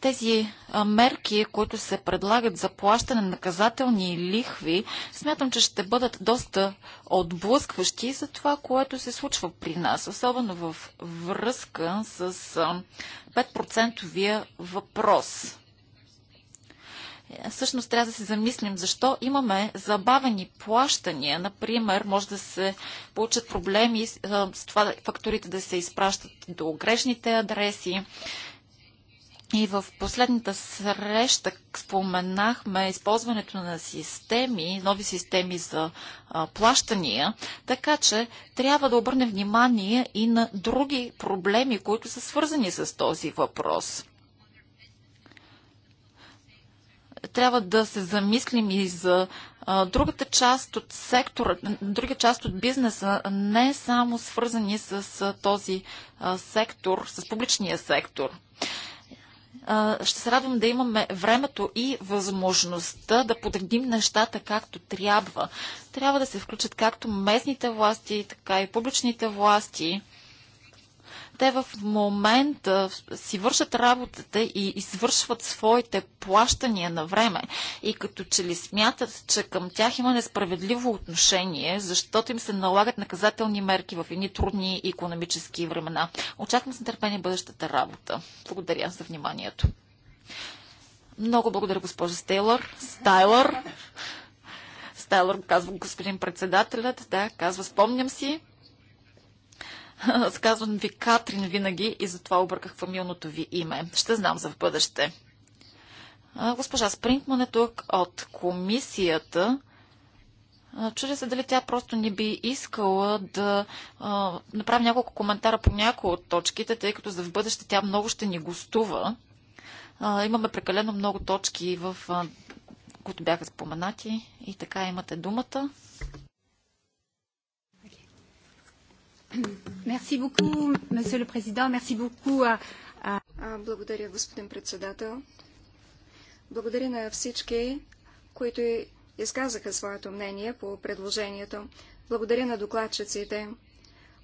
Тези мерки, които се предлагат за плащане на наказателни лихви, смятам, че ще бъдат доста отблъскващи за това, което се случва при нас, особено в връзка с 5 въпрос. Е, всъщност трябва да се замислим защо имаме забавени плащания. Например, може да се получат проблеми с това факторите да се изпращат до грешните адреси. И в последната среща споменахме използването на системи, нови системи за плащания, така че трябва да обърнем внимание и на други проблеми, които са свързани с този въпрос. Трябва да се замислим и за другата част от сектора, друга част от бизнеса, не само свързани с този сектор, с публичния сектор ще се радвам да имаме времето и възможността да подредим нещата както трябва. Трябва да се включат както местните власти, така и публичните власти те в момента си вършат работата и извършват своите плащания на време и като че ли смятат, че към тях има несправедливо отношение, защото им се налагат наказателни мерки в едни трудни економически времена. Очаквам с нетърпение бъдещата работа. Благодаря за вниманието. Много благодаря, госпожа Стейлър. Стайлър. Стайлър казва господин председателят. Да, казва, спомням си. Сказвам казвам ви Катрин винаги и затова обърках фамилното ви име. Ще знам за в бъдеще. Госпожа Спрингман е тук от комисията. Чудя се дали тя просто не би искала да а, направи няколко коментара по някои от точките, тъй като за в бъдеще тя много ще ни гостува. А, имаме прекалено много точки, в, а, които бяха споменати и така имате думата. Merci beaucoup, monsieur le président. Merci beaucoup. À, à... Благодаря, господин председател. Благодаря на всички, които изказаха своето мнение по предложението. Благодаря на докладчиците.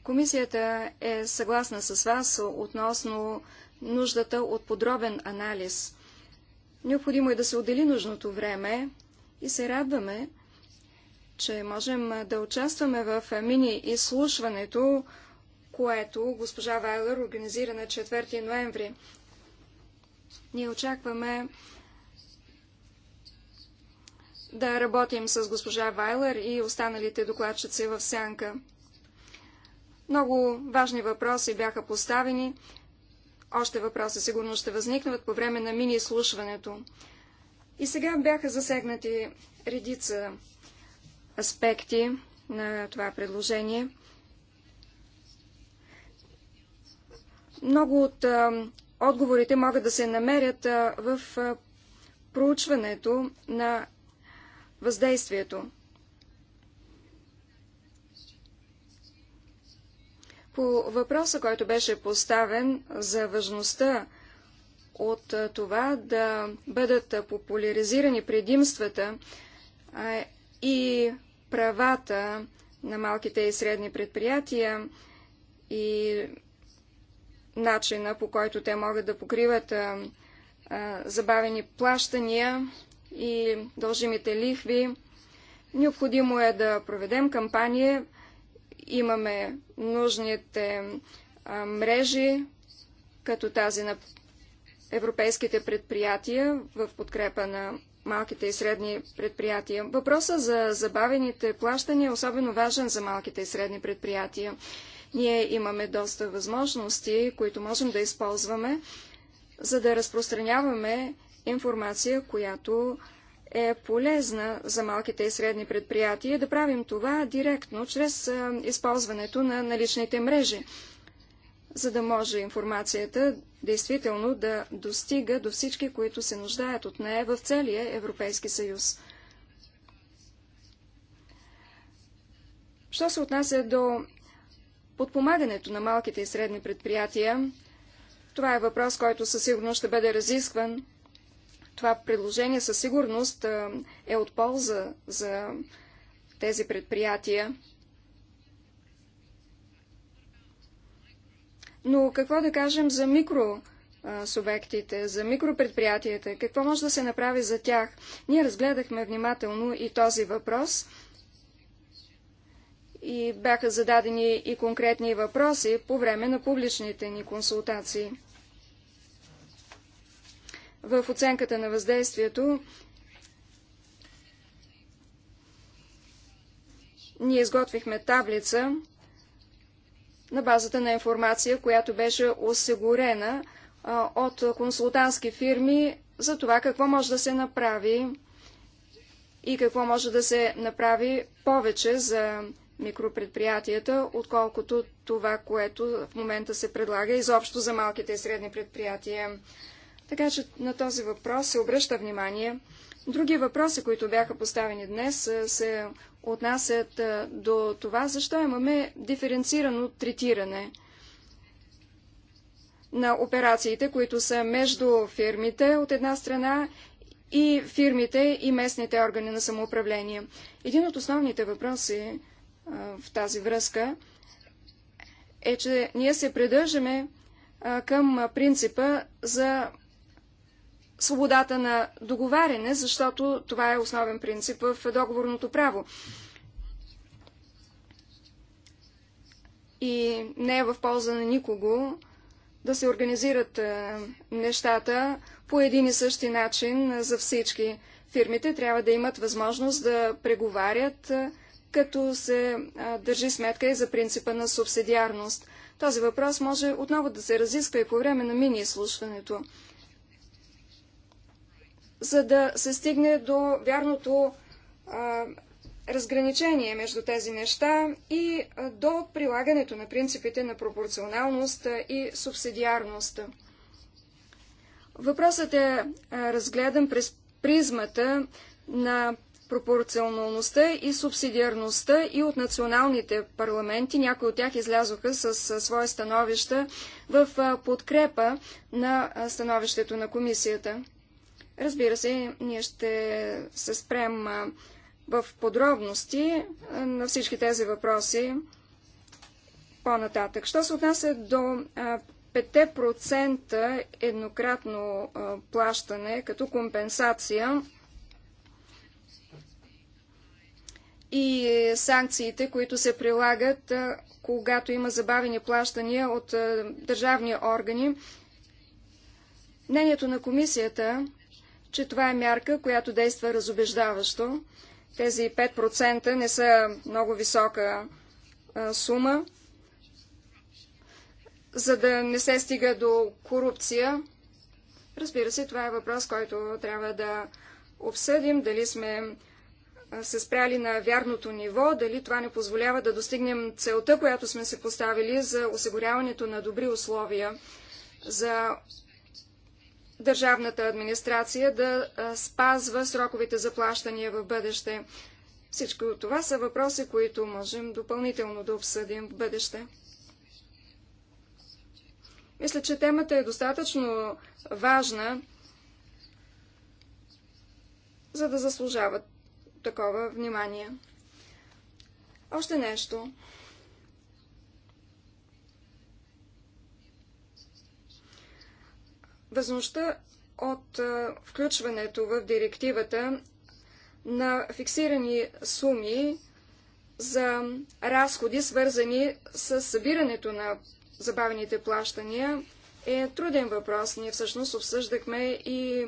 Комисията е съгласна с вас относно нуждата от подробен анализ. Необходимо е да се отдели нужното време и се радваме, че можем да участваме в мини изслушването, което госпожа Вайлер организира на 4 ноември. Ние очакваме да работим с госпожа Вайлер и останалите докладчици в сянка. Много важни въпроси бяха поставени. Още въпроси сигурно ще възникнат по време на мини-слушването. И сега бяха засегнати редица аспекти на това предложение. Много от а, отговорите могат да се намерят а, в а, проучването на въздействието. По въпроса, който беше поставен за важността от това да бъдат популяризирани предимствата и правата на малките и средни предприятия и начина по който те могат да покриват а, а, забавени плащания и дължимите лихви. Необходимо е да проведем кампания. Имаме нужните а, мрежи, като тази на европейските предприятия в подкрепа на малките и средни предприятия. Въпросът за забавените плащания е особено важен за малките и средни предприятия. Ние имаме доста възможности, които можем да използваме, за да разпространяваме информация, която е полезна за малките и средни предприятия, да правим това директно, чрез използването на наличните мрежи за да може информацията действително да достига до всички, които се нуждаят от нея в целия Европейски съюз. Що се отнася до подпомагането на малките и средни предприятия, това е въпрос, който със сигурност ще бъде разискван. Това предложение със сигурност е от полза за тези предприятия. Но какво да кажем за микросубектите, за микропредприятията? Какво може да се направи за тях? Ние разгледахме внимателно и този въпрос и бяха зададени и конкретни въпроси по време на публичните ни консултации. В оценката на въздействието ние изготвихме таблица на базата на информация, която беше осигурена от консултантски фирми за това какво може да се направи и какво може да се направи повече за микропредприятията, отколкото това, което в момента се предлага изобщо за малките и средни предприятия. Така че на този въпрос се обръща внимание. Други въпроси, които бяха поставени днес, е, се отнасят е, до това, защо имаме диференцирано третиране на операциите, които са между фирмите от една страна и фирмите и местните органи на самоуправление. Един от основните въпроси е, в тази връзка е, че ние се придържаме към принципа за свободата на договаряне, защото това е основен принцип в договорното право. И не е в полза на никого да се организират е, нещата по един и същи начин е, за всички. Фирмите трябва да имат възможност да преговарят, е, като се държи сметка и за принципа на субсидиарност. Този въпрос може отново да се разисква и по време на мини-изслушването за да се стигне до вярното а, разграничение между тези неща и до прилагането на принципите на пропорционалност и субсидиарност. Въпросът е разгледан през призмата на пропорционалността и субсидиарността и от националните парламенти. Някои от тях излязоха с своя становища в подкрепа на становището на комисията. Разбира се, ние ще се спрем в подробности на всички тези въпроси по-нататък. Що се отнася до 5% еднократно плащане като компенсация и санкциите, които се прилагат, когато има забавени плащания от държавни органи, мнението на комисията че това е мярка, която действа разобеждаващо. Тези 5% не са много висока а, сума. За да не се стига до корупция, разбира се, това е въпрос, който трябва да обсъдим, дали сме се спряли на вярното ниво, дали това не позволява да достигнем целта, която сме се поставили за осигуряването на добри условия за държавната администрация да спазва сроковите за плащания в бъдеще. Всичко това са въпроси, които можем допълнително да обсъдим в бъдеще. Мисля, че темата е достатъчно важна, за да заслужава такова внимание. Още нещо. възможността от включването в директивата на фиксирани суми за разходи, свързани с събирането на забавените плащания, е труден въпрос. Ние всъщност обсъждахме и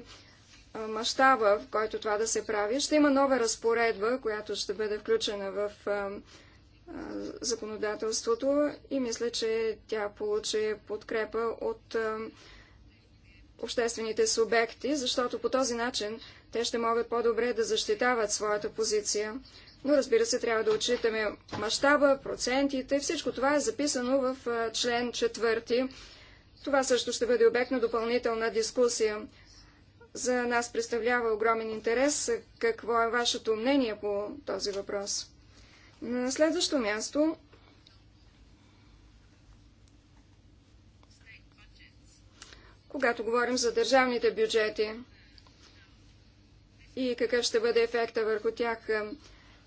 мащаба, в който това да се прави. Ще има нова разпоредба, която ще бъде включена в законодателството и мисля, че тя получи подкрепа от обществените субекти, защото по този начин те ще могат по-добре да защитават своята позиция. Но разбира се, трябва да отчитаме мащаба, процентите. Всичко това е записано в член 4. Това също ще бъде обект на допълнителна дискусия. За нас представлява огромен интерес какво е вашето мнение по този въпрос. На следващо място когато говорим за държавните бюджети и какъв ще бъде ефекта върху тях.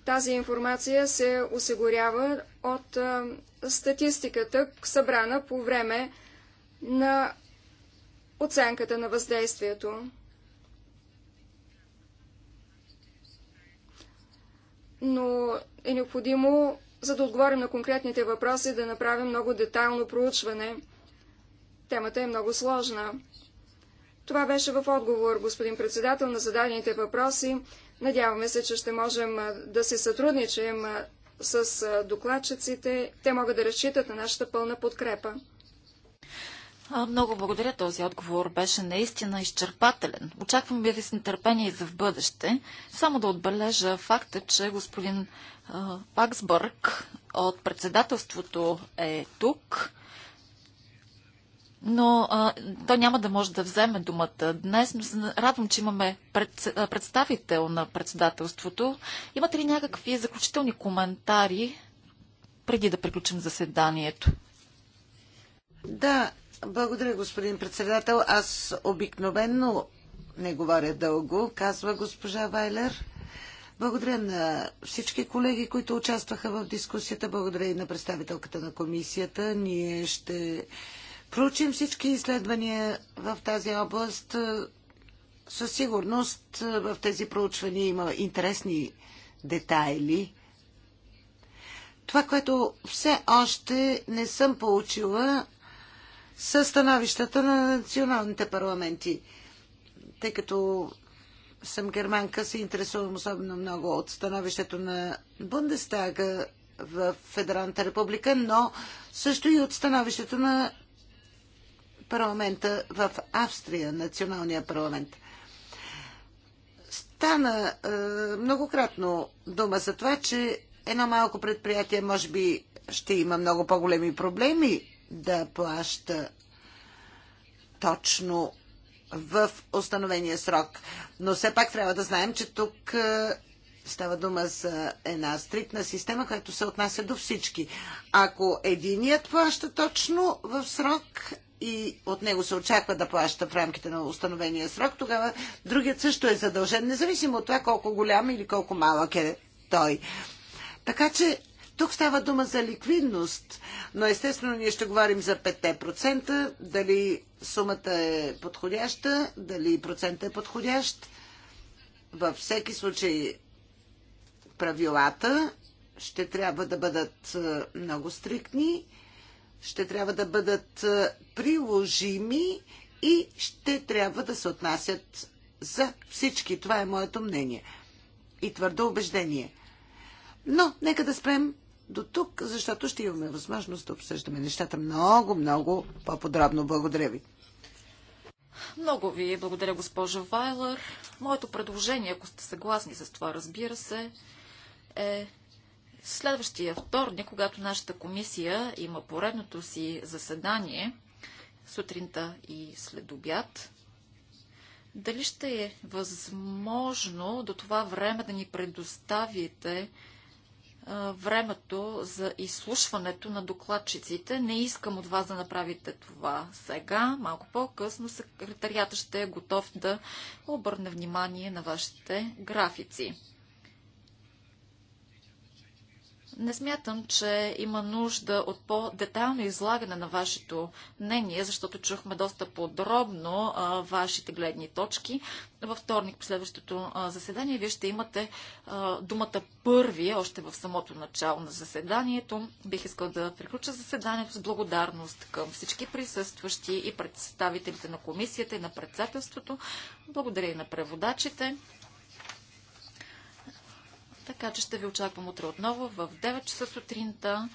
Тази информация се осигурява от статистиката, събрана по време на оценката на въздействието. Но е необходимо, за да отговорим на конкретните въпроси, да направим много детайлно проучване – Темата е много сложна. Това беше в отговор, господин председател, на зададените въпроси. Надяваме се, че ще можем да се сътрудничим с докладчиците. Те могат да разчитат на нашата пълна подкрепа. Много благодаря. Този отговор беше наистина изчерпателен. Очаквам ви с нетърпение и за в бъдеще. Само да отбележа факта, че господин Паксбърг от председателството е тук но а, той няма да може да вземе думата днес, но се радвам, че имаме пред, представител на председателството. Имате ли някакви заключителни коментари преди да приключим заседанието? Да, благодаря, господин председател. Аз обикновенно не говоря дълго, казва госпожа Вайлер. Благодаря на всички колеги, които участваха в дискусията. Благодаря и на представителката на комисията. Ние ще проучим всички изследвания в тази област. Със сигурност е, в тези проучвания има интересни детайли. Това, което все още не съм получила, са становищата на националните парламенти. Тъй като съм германка, се интересувам особено много от становището на Бундестага в Федералната република, но също и от становището на парламента в Австрия, националния парламент. Стана е, многократно дума за това, че едно малко предприятие може би ще има много по-големи проблеми да плаща точно в установения срок. Но все пак трябва да знаем, че тук е, става дума за една стриктна система, която се отнася до всички. Ако единият плаща точно в срок, и от него се очаква да плаща в рамките на установения срок, тогава другият също е задължен, независимо от това колко голям или колко малък е той. Така че тук става дума за ликвидност, но естествено ние ще говорим за 5%, дали сумата е подходяща, дали процентът е подходящ. Във всеки случай правилата ще трябва да бъдат е, много стриктни ще трябва да бъдат е, приложими и ще трябва да се отнасят за всички. Това е моето мнение и твърдо убеждение. Но нека да спрем до тук, защото ще имаме възможност да обсъждаме нещата много, много по-подробно. Благодаря ви. Много ви благодаря, госпожа Вайлер. Моето предложение, ако сте съгласни с това, разбира се, е Следващия вторник, когато нашата комисия има поредното си заседание, сутринта и след обяд, дали ще е възможно до това време да ни предоставите времето за изслушването на докладчиците. Не искам от вас да направите това сега. Малко по-късно секретарията ще е готов да обърне внимание на вашите графици. Не смятам, че има нужда от по-детайлно излагане на вашето мнение, защото чухме доста подробно вашите гледни точки. Във вторник, последващото заседание, вие ще имате думата първи, още в самото начало на заседанието. Бих искал да приключа заседанието с благодарност към всички присъстващи и представителите на комисията и на председателството. Благодаря и на преводачите. Така че ще ви очаквам утре отново в 9 часа сутринта,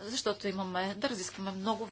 защото имаме да разискваме много